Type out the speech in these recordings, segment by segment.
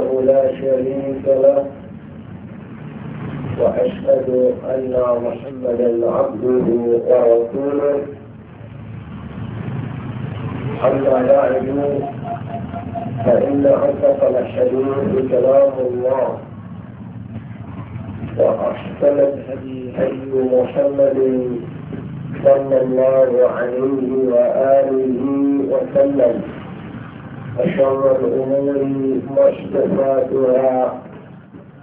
لا شريك له وأشهد أن محمدا عبده ورسوله أما بعد فإن أصدق الحديث كلام الله وأحسن الهدي هدي محمد صلى الله عليه وآله وسلم وشر الأمور مشتفاتها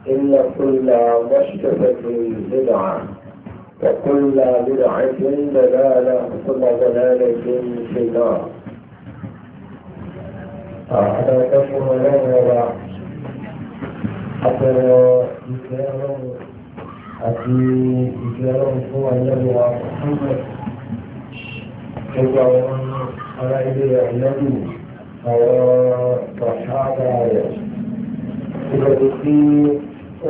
إن كل مشتفة بدعة وكل بدعة دلالة ثم دلالة في النار أحدثكم لنا حتى يكرم أتي يكرم هو النبي محمد كيف يعلم على إيديه àwọn bàtàdà rẹ̀ ìrọ̀lẹ́ tí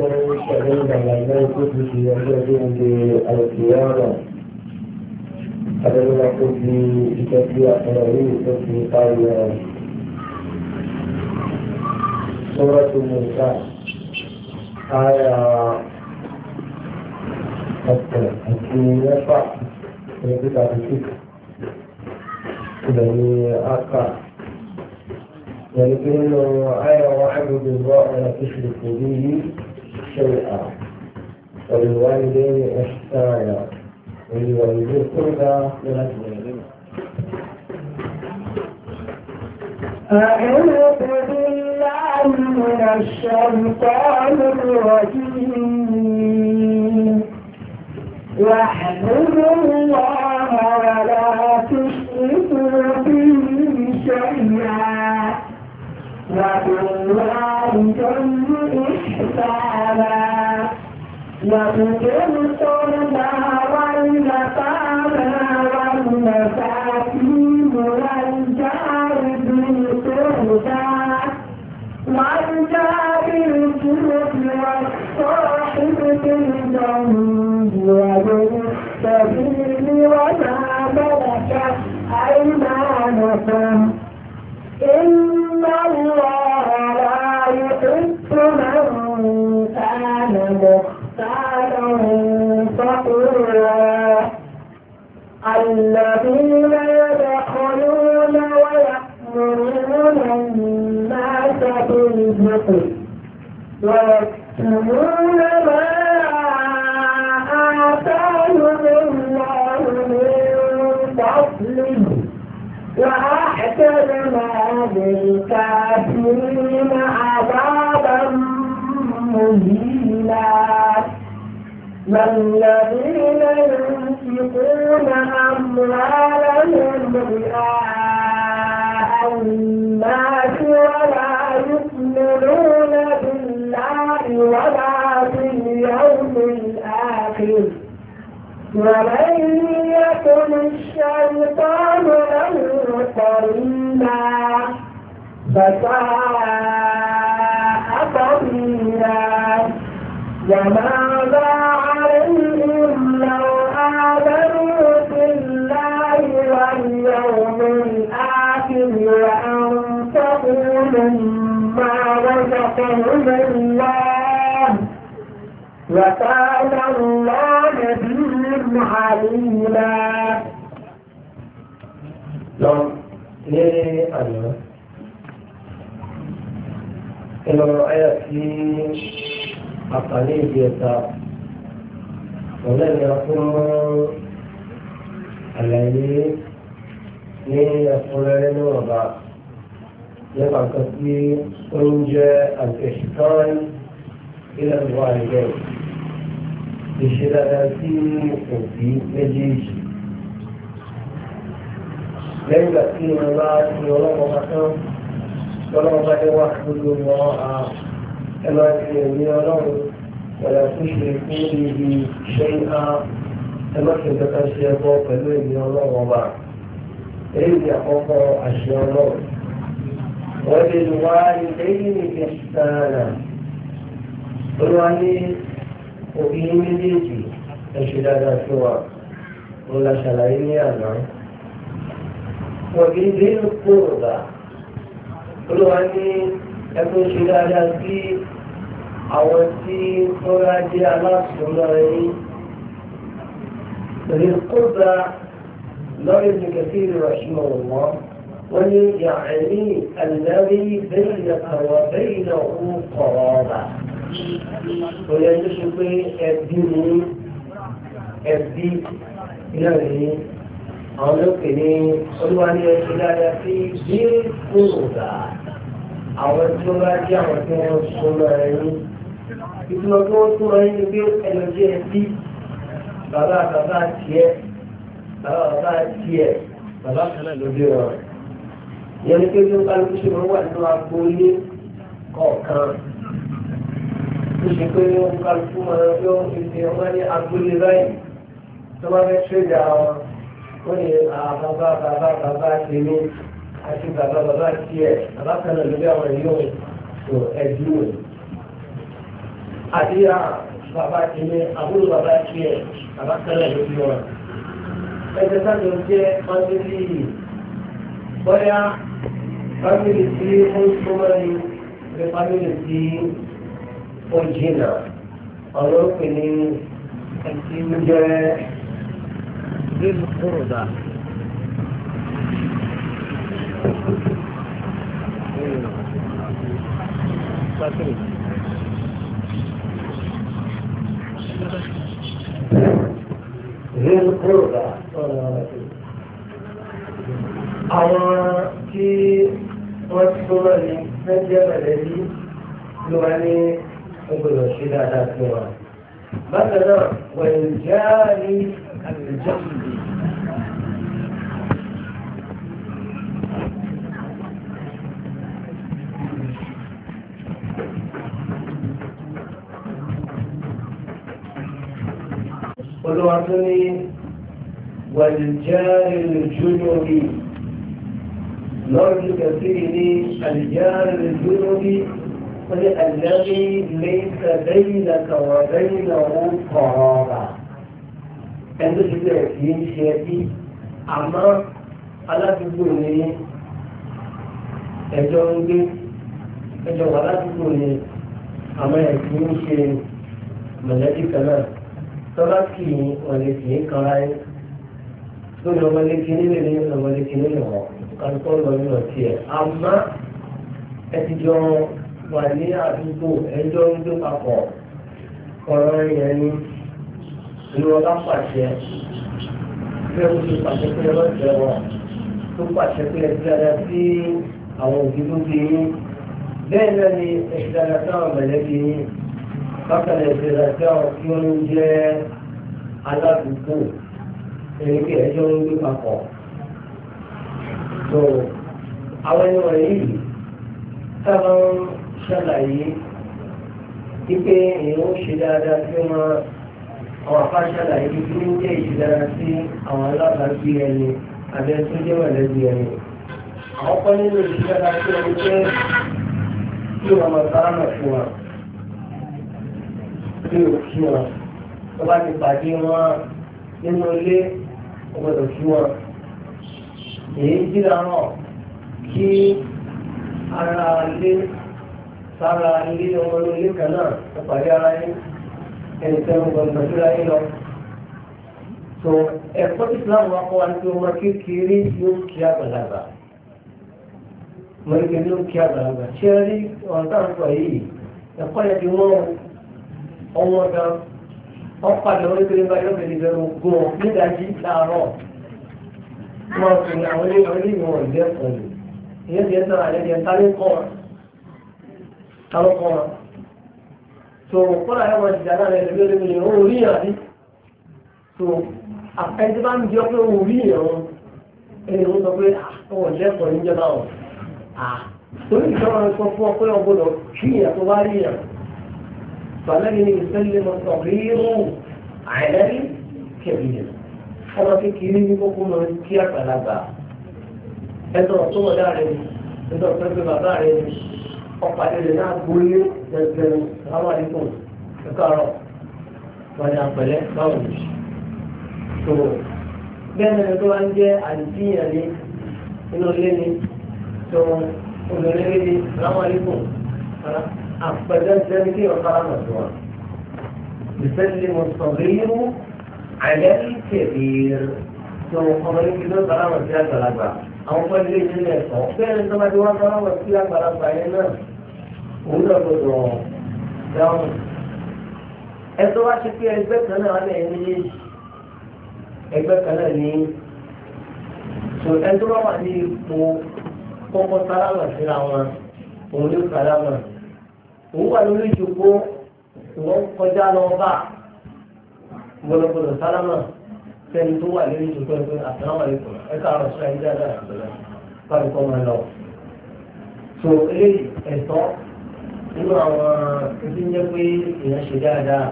ó ń ṣẹlẹ̀ ìgbàlá náà tó ti di ọjọ́ ọdún ìdè àìsíyára àdéhùn tó di ìjọ tí àtàrà yìí tó ti parí ọ̀rọ̀ sọ́rọ́ tó mú ká àyà ọ̀pọ̀ àti mẹ́fà ní títà tó kíkà ìdàgbé áká. فنقول آية واحد الله ولا تشرك به شيئا وبالوالدين إحسانا ولوالدي القربى أعوذ بالله من الشيطان الرجيم واحمد الله وأتم إحسانا وأتم الصلب والزكاة والمساكين والجار بالقربى والجار بالجنب والصاحب بالجنب يأمرون الناس بالبخل ويكتمون ما آتاهم الله من فضله وأعتدنا للكافرين عذابا مهينا والذين ينفقون أموالهم رئاء الناس ولا يؤمنون بالله ولا باليوم الآخر ومن يكن الشيطان له قرينا فساء قرينا وماذا وأنفقوا مما رزقهم الله وكان الله بهم عليما لو ليه أنا أيوة. إنه رأيت في أقاليد ولن يكون عليه ní ẹ̀fúnrẹ́rẹ́ níwọ̀nba nípa nǹkan tí ó ń jẹ́ àtẹ̀síkán ilẹ̀ ìwà ìjẹ́ ìṣe dáadáa sí òbí méjèèjì. lẹ́yìn ìgbà tí wọ́n bá ti ọlọ́pàá bá tán ọlọ́pàá bá dé wá gbogbo wọn a ẹ máa ti ẹ̀mí ọlọ́run wọ̀lá tó fún ibi ṣẹ́yìn a ẹ má fi nǹkan ṣe ẹ̀kọ́ pẹ̀lú ẹ̀mí ọlọ́run ọba èyí àkọ́kọ́ àṣẹ ọlọ́run wọ́n lè wá ilé-ìwé nìkan sára olúwa ní òbí méjèèjì ẹ̀ṣẹ̀ dáadáa sí wa ń la ṣàlàyé ní àná wọ̀bí nínú kóòdà olúwa ní ẹkún ṣe dáadáa sí àwọn tí wọ́n rá jẹ́ aláṣọ lọ́rẹ́ yìí. Rèkóòdà لغة كثير رحمه الله ويعني الذي بينك وبينه قرابة ويجب الدين الدين يعني ọlọ́pìnrin olúwarí ẹ̀ṣẹ̀ dáadáa sí bí kúròdà àwọn tí ó bá jẹ́ àwọn tí wọ́n súnmọ́ ẹni ìtumọ̀ tí wọ́n súnmọ́ ẹni ni pé ẹlòmíẹ́ bí bàbá bàbá tiẹ̀ bàbá bàbá tiẹ̀ bàbá kan náà ló dé wọn. ìyẹn ní pé bí wọ́n bá lóko ṣe máa wà nínú agboolé kọ̀ọ̀kan ó ṣe pé wọ́n bá lóko máa yọ ìṣe ọmọ ní agboolé báyìí tó bá fẹ́ tírèdì àwọn ó ní bàbá bàbá bàbá tèmi àti bàbá bàbá tiẹ̀ bàbá kan náà ló dé àwọn yóò tó ẹ̀dùn òun. àti bàbá tèmi àbúrò bàbá tiẹ̀ bàbá kan náà ló dé wọn. ẹgbẹ́ sáà ló jẹ́ fámìlì bóyá fámìlì tí ó ń súnmọ́ ni pé fámìlì tí ó jìnà ọ̀rọ̀ pè ní ẹtí ń jẹ́ bíbélùkúròdà. Gracias. ذي القربى tó náà ní fẹ́jẹ́ mẹ̀lẹ́bí ló wá ní ọgbọ̀nà ṣe dáadáa fún wa. bákan náà wẹ̀yìn jáàrí àtẹ̀jọ́sìlì. olùwàtúni wẹ̀yìn jáàrí lójú lórí. مرج كثير الجار الجنوب الذي ليس بينك وبينه قرابة ẹni tó ṣe bẹ́ẹ̀ kì í ṣe ẹbí àmọ́ aládùúgbò ní ẹjọ́ ń gbé ẹjọ́ wà ládùúgbò ní àmọ́ ẹ̀ kì í ṣe mọ̀lẹ́bí kan náà tọ́lá kì í wọ̀lẹ̀ kì í kan láyé tó lọ́mọdé kìíní lè ní lọ́mọdé kìíní lè wọ̀ kálukọ́ lọ nínú ọtí ẹ̀ wà ní àdúgbò ẹjọ́ ń dún papọ̀ ọ̀rọ̀ yẹn ni ìlú ọba pàṣẹ bí ẹ kó ti pàṣẹ pé ẹ lọ́sẹ̀ wọn tó pàṣẹ pé ẹ dára sí àwọn òbí tó bí yín bẹ́ẹ̀ náà ni ẹ dára sáwọn mẹ̀lẹ́bí yín bákan ẹ̀ dára sáwọn tí wọ́n ń jẹ́ aládùúgbò ẹni pé ẹjọ́ ń gbé papọ̀ tó àwọn ẹni wọ̀nyí yìí sábà ń ṣàlàyé wípé èèyàn ó ṣe dáadáa sí wọn àwọn afá ṣàlàyé wípé ó jẹ́ ìṣẹ̀dára sí àwọn alábàágbé ẹni àbẹ tó jẹ́ mọ̀lẹ́bí ẹni. àwọn kan nínú ìṣẹ̀dára sí ẹni pé kí wọn máa sára nà fún wa kí wọn kí wọn tó bá ti pàdé wọn nínú ilé ọgbọ́dọ̀ kí wọn èyí jíra náà kí ara ilé sára ilé ọmọ ilé kan náà ẹ̀pàdé ara yín ẹni tẹ́ ọmọ ìgbà tó ra yín lọ. tó ẹ̀kọ́ tí fúláwọ̀ wa kọ́ wa ní pé ọmọ kékeré yóò kí àgbàlagbà ọmọ kékeré yóò ọ̀pàdé orí pé nígbà yóò bẹ̀rẹ̀ ìbẹ̀rù gùn ọ̀ nídàájí láàárọ̀ wọn fi àwọn ilé àwọn ilé ìwọ̀n ìjẹ́ pọ̀ ní ìyẹn ti ẹ̀ sọ̀rọ̀ àlẹ́ yẹn tá ló kọ́ wọn tá ló kọ́ wọn tó kọ́ra ẹ̀ wọ́n jìjà náà lẹ́nu lórí mi ò rí yàn rí tó àfẹ́ntí bá ń jẹ́ pé ò rí yàn wọn ẹni wọ́n sọ pé ọ̀ lẹ́kọ̀ọ́ níjọba ọ̀ torí ìjọba فالذي يسلم الصغير على الكبير ọmọ kékeré ní kókó lọ kí àgbàlagbà ẹ̀tọ́ tó wọ dáre ẹ̀tọ́ tó gbé bàbá rẹ ọkọ àdéhùn náà gbóyè ẹgbẹ̀rún àwọn àdínkù ẹkọọrọ wọn ni àpẹlẹ báwo ni tó bẹ́ẹ̀ náà tó wá ń jẹ àdìsíyàn ní inú ilé ni tó olùlérí ni àwọn àdínkù rárá. أفضل ذلك وقام الدعاء يسلم الصغير على الكبير ثم قمرين كده قام الدعاء ثلاثة أو قال لي جنة فعلا ما دعاء قام الدعاء ثلاثة هنا ولا بدو دعوة ẹ̀tọ́ wá ṣe pé ẹgbẹ́ kan náà lẹ ní ẹgbẹ́ kan náà ní so ẹ̀tọ́ wá wà ní ipò kọ́kọ́ sálámà síra wọn òun ló sálámà òun wà lórí ìjòkó ìwọ́n kọjá lọ bá gbọdọgbọdọ sálámà sẹ́ni tó wà lórí ìjòkó ẹgbẹ́ àtàwọn àlejò ẹ̀ka àrùn sí ayé dáadáa àgbẹ̀lẹ̀ báyìí kọ́ máa lọ. so eléyìí ẹ̀tọ́ nínú àwọn ẹbí ń jẹ́ pé èèyàn ṣe dáadáa.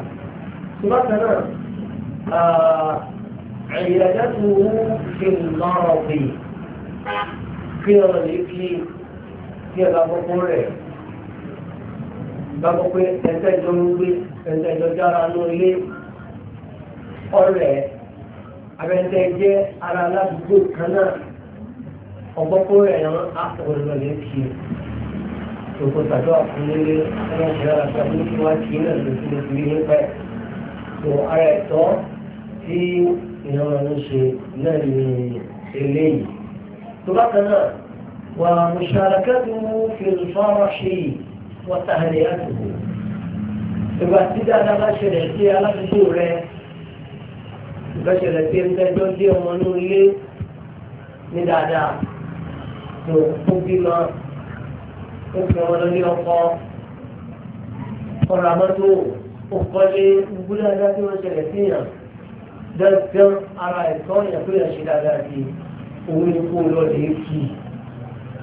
tó bá kan náà àyíyájá tó wú ṣe ń lọ́rọ̀ pé kí ọ̀rọ̀ lè kí kí ẹ̀ bá rẹ̀ bá gbọ́ pé ẹsẹ̀ jọ ń gbé ẹsẹ̀ jọ jára ní ilé ọ̀rẹ́ abẹ́ntẹ́ jẹ́ ara aládùúgbò kan náà ọgbọ́n kó rẹ̀ yàn ápòrò lọ lè kí òkú tàdó àfúnilé ọmọ ìṣẹ́ àti àbúrò tí wọ́n kí náà lè fi lè fi rí pẹ́ tó ara ẹ̀tọ́ tí ìran ń ṣe náà ní eléyìí tó bákan náà wà mùsàlákẹ́tù fi fọ́nrán ṣe yìí wọ́n sáré àtúntò. ìgbà tí dáadáa bá ṣẹlẹ̀ sí aládùúgbò rẹ ìgbà ṣẹlẹ̀ sí ẹgbẹ́jọ́ dé ọmọ inú ilé ní dáadáa tó kú bímọ ó fi ọmọ lọ ní ọkọ ọ̀rọ̀ àmọ́tò ó kọ́lé gbogbo dáadáa tí wọ́n ṣẹlẹ̀ sí yàn dandan ara ẹ̀kọ́ yàn tó yàn ṣe dáadáa sí òun ni kó lọ lè kí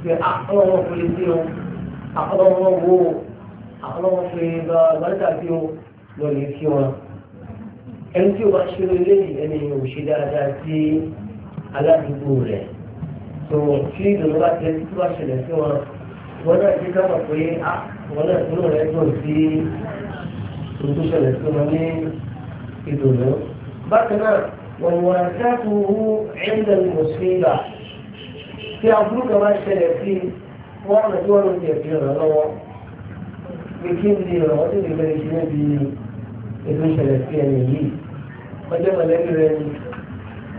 i àwọn ọmọkùnrin sí òun àfọlọ́wọ́ wo àfọlọ́wọ́ fi gba gbàdúrà bí o lọ lè fi wọn ẹni tí o bá ṣe lé ẹni ò ṣe dáadáa sí aládùúgbò rẹ̀ tó tí ìdùnnú bá tẹ tí wàá ṣẹlẹ̀ sí wọn wọn náà ti dábàá pé a ah, wọn náà tó rẹ̀ dùn sí tuntun ṣẹlẹ̀ sí wọn ní ìdùnnú bákan náà wọn wà dáàbò ẹ̀ńdà mùsùlùmí tí àbúrò kan bá ṣẹlẹ̀ sí i wọ́n rẹ̀ tí wọ́n lóde ẹ̀fí rẹ̀ lọ́wọ́ pé kí n lè rọ̀ ọdún ìgbẹ́ ìṣẹ́ níbi ètò ìṣẹ̀lẹ̀ sí ẹni yìí ọjọ́ mọ̀lẹ́bí rẹ̀ ni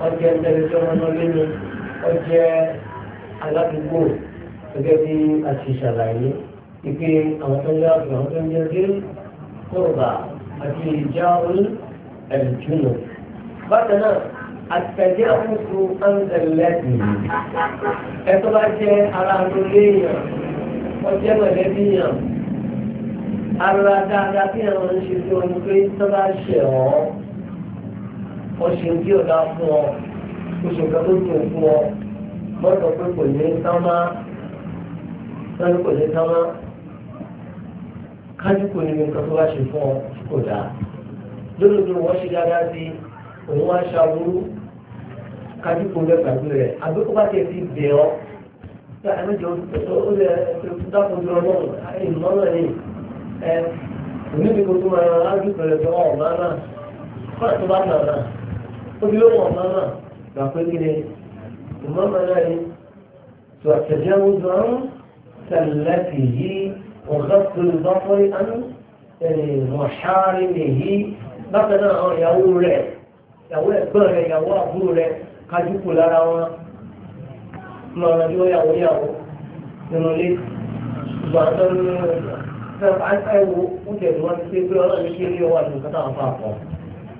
ọjọ́ ẹgbẹ́rẹ́ tí wọ́n lọ lé ní ọjọ́ aládùúgbò gẹ́gẹ́ bí a ti ṣàlàyé pé àwọn tó ń yá àgbà àwọn tó ń yẹ dé kóòbà àti ìjà orí ẹ̀dùn bákan náà àtẹ̀jáfùsù ọ̀nzẹ̀lẹ̀ ẹ̀tọ́ bá jẹ́ ara lórí èèyàn ọjẹ́ mọ̀lẹ́bí yàn ara dáadáa bí àwọn ń ṣe tí wọn ní pé tó bá ṣe ọ́ ọṣẹ tí ò dá fún ọ oṣù kan tó tún fún ọ mọ́tò pé kò ní sánmá sánmá kò ní sánmá kájú kò ní nǹkan tó bá ṣe fún ọ kò dáa lódodo wọ́n ṣe dáadáa sí i òun wá ṣàbúrú kájú kó lẹ́ gbàgbé rẹ̀ àbí kó bá tiẹ̀ ti bẹ̀ ọ́ pé àmẹ́jọ ó lẹ dákòjú ọlọ́run ìmọ̀ràn ni ẹ oníbi kò tó máa rájú pẹ̀lẹ́ pé ọ̀ máa náà kọ́ àti bá náà náà ó bí lóhùn ọ̀má náà gbà pé kí ni ìmọ̀ràn náà ni tó àtẹ̀jẹ́ wo gan tẹ̀lẹ́ fi yí ọ̀gá tó lè bá fọ́ ẹ̀ ẹ̀ mọ̀ṣáárì nìyí bákan náà àwọn ìyàwó rẹ̀ ìyàwó ẹ̀gbọ́n rẹ̀ ìyàwó àbúrò rẹ̀ kájúkù lára wọn mọ ọ̀nà bí wọ́n yàwó yàwó nínú ilé ìgbà tó ń ẹwọ oúnjẹ tí wọ́n ti ṣe pé ọlọ́run kí ilé wà ní kátà àfa àpọ̀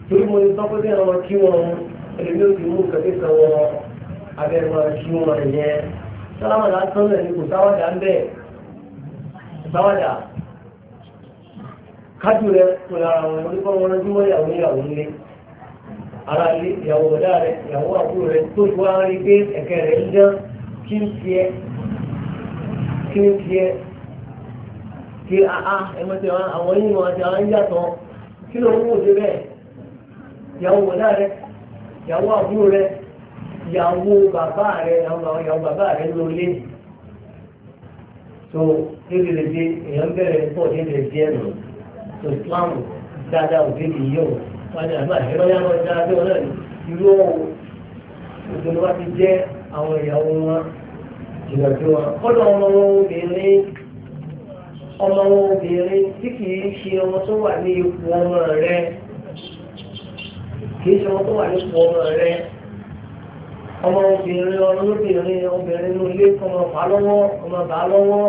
torí mo sọ pé bẹ́ẹ̀ wọn kí wọn ẹlẹ́bí ó ti mú kẹ́kẹ́ sọ wọn abẹ́rẹ́ wọn kí wọn yẹn sálámà lásán náà ni kò sáwádà ń bẹ̀ sáwádà kájú rẹ̀ kò lára wọn oníkọ́ wọn lọ́jọ́ yàwó yàwó nílé. ara ilé ìyàwó ọ̀dá rẹ̀ ìyàwó àbúrò rẹ̀ tó ti wá rí pé ẹ̀kẹ́ rẹ̀ ń dán kí ń tiẹ̀ kí ń tiẹ̀ kí àá ah, ah, ẹ̀mọ́tẹ̀ àwọn yìí wọn àti àwọn ń yàtọ̀ kí ló ń wò dé bẹ́ẹ̀ ìyàwó wọ́n ní ti jẹ́ àwọn ìyàwó wọn jìnnà wọn. kọ́dọ̀ ọmọ obìnrin tí kì ṣe ọmọ tó wà ní ipò ọmọ rẹ kì ṣe ọmọ tó wà ní ipò ọmọ rẹ ọmọ obìnrin ọlọ́lọ́bìnrin obìnrin ló lé ọmọ bá lọ́wọ́ ọmọ bá lọ́wọ́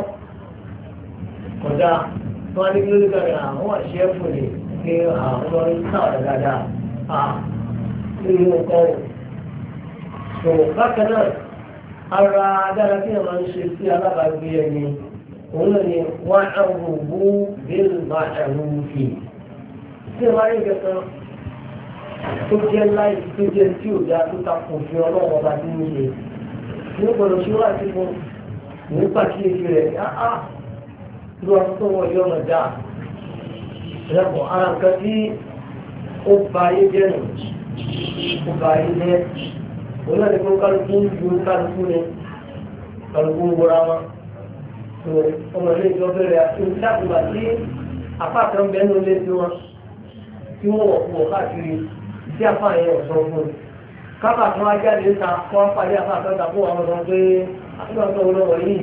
kọjá wọn á ní kí ló dé kàrẹ́ àwọn àṣẹ fún mi pé àwọn ọmọ ìta ọ̀rẹ́ dáadáa à nínú ọkọ̀ ò. bákan náà ara dára kí wọ́n ṣe sí alábàágbé ẹni òun náà ni wọ́n á wò wó bẹ́ẹ̀ ẹ̀rù fi. tí wọ́n á rí ìgbẹ́sán tó jẹ́ láì tó jẹ́ tí ò dáa tó takò fi ọlọ́wọ́ bá dín ní ní gbọ́dọ̀ ṣe wá sí fún nípa kíyèsí rẹ̀ áá ah, lọ́wọ́ ah, tó wọ́n yọ̀ ọ̀dà ẹ̀rọ̀pọ̀ ara nǹkan tí ó ba jẹ́ nù ó ba jẹ́ òun náà ni ju kálukú ni kálukú ń wọra wọn tó ọmọ ilé ìjọ bẹ̀rẹ̀ ìdákùnbà tí apáàtọ̀ ń bẹ nínú ilé wọn tí wọn wọ̀ wọ̀ káàkiri tí apá yẹn ọ̀sán fún un kábà tó wá jáde ta kó apáyé apáàtọ̀ ta fún àwọn ọmọ pé àtúntò ọ̀rọ̀ yìí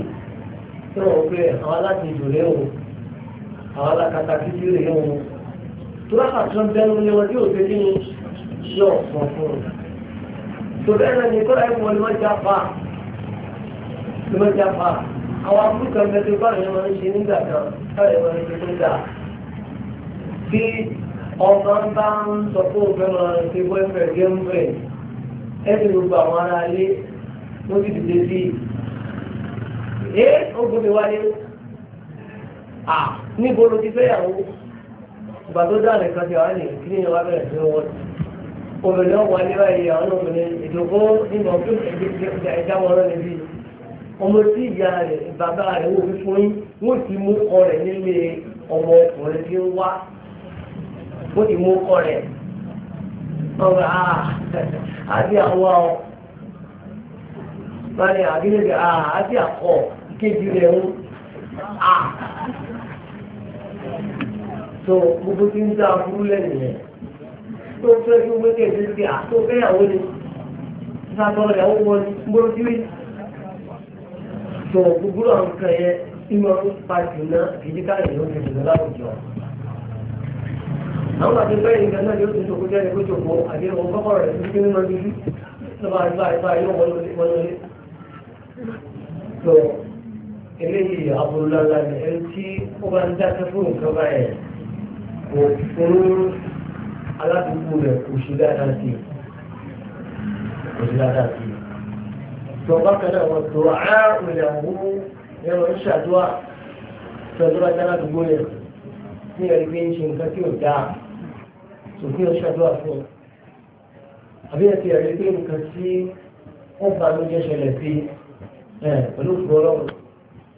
tó wọ̀ pé àwọn aláṣẹ ìjòlè òun àwọn kata títí rè é wọn tó bá pàtó bẹnu lé wọn tí ò tẹ́lẹ̀ ní ṣé ọ̀sán fún un tó bẹ́ẹ̀ náà ní kọ́lá ni wọ́n já fa ni wọ́n já fa àwọn afúrúkà mẹ́tẹ́ báyìí máa ń ṣe nígbà kan báyìí máa ń ṣe nígbà tí ọmọ ń bá ń sọ fún òfin máa ń ṣe boyfriend girlfriend ẹni gbogbo àwọn ará ilé wọ́n níbo ló ti fẹ́yàwó ìgbà tó dáa nìkan ti wà ní ìpínlẹ̀ wa bẹ̀rẹ̀ sí wọn obìnrin ọ̀wọ́ aléwà yìí àwọn obìnrin ìdòkó nígbà tó ẹja wọn rẹ níbí ọmọ tí ìyá rẹ bàbá rẹ wò fi fún yín ti mú ọkọ rẹ nílé ọmọ ọkùnrin tí ń wá ti mú ọkọ rẹ ọgbà àti àwọn báyìí àti kéjì ń. tó gbogbo tí ń dá burú lẹ́nu yẹn tó fẹ́ kí wọ́n kẹ́ ẹ̀sìn sí àtó fẹ́yàwó ni sátọ́lọ́ ìyàwó wọn ni gbóró tí rí tó gbogbo àwọn kan yẹn tí wọ́n ń pa jùlọ ìdíkà ìlú ti jùlọ láwùjọ. àwọn àti bẹ́ẹ̀ ni gánà yóò tún tòkó jẹ́ni kó tòkó àti ìwọ̀n kọ́kọ́ rẹ̀ ti kíni lọ́dún sí lọ́ba àgbà àgbà yóò eléyìí aburulala ni ẹni tí ó bá ń dákẹ́ fún nǹkan báyẹn kò fún aládùúgbò rẹ̀ kò sí dáadáa sí kò sí dáadáa sí. tọ́ba kan náà wọ́n tó á rìnrìn àwọn owó yẹn lọ ń ṣàdúrà tọ́jọ́ bá dá aládùúgbò rẹ̀ ní ẹ̀rí pé ń ṣe nǹkan tí ò dáa sòfin ṣàdúrà fún un. àbí ẹ̀ ti ẹ̀rí pé nǹkan tí wọ́n bá ló jẹ́ ṣẹlẹ̀ sí pẹ̀lú ìfowópamọ́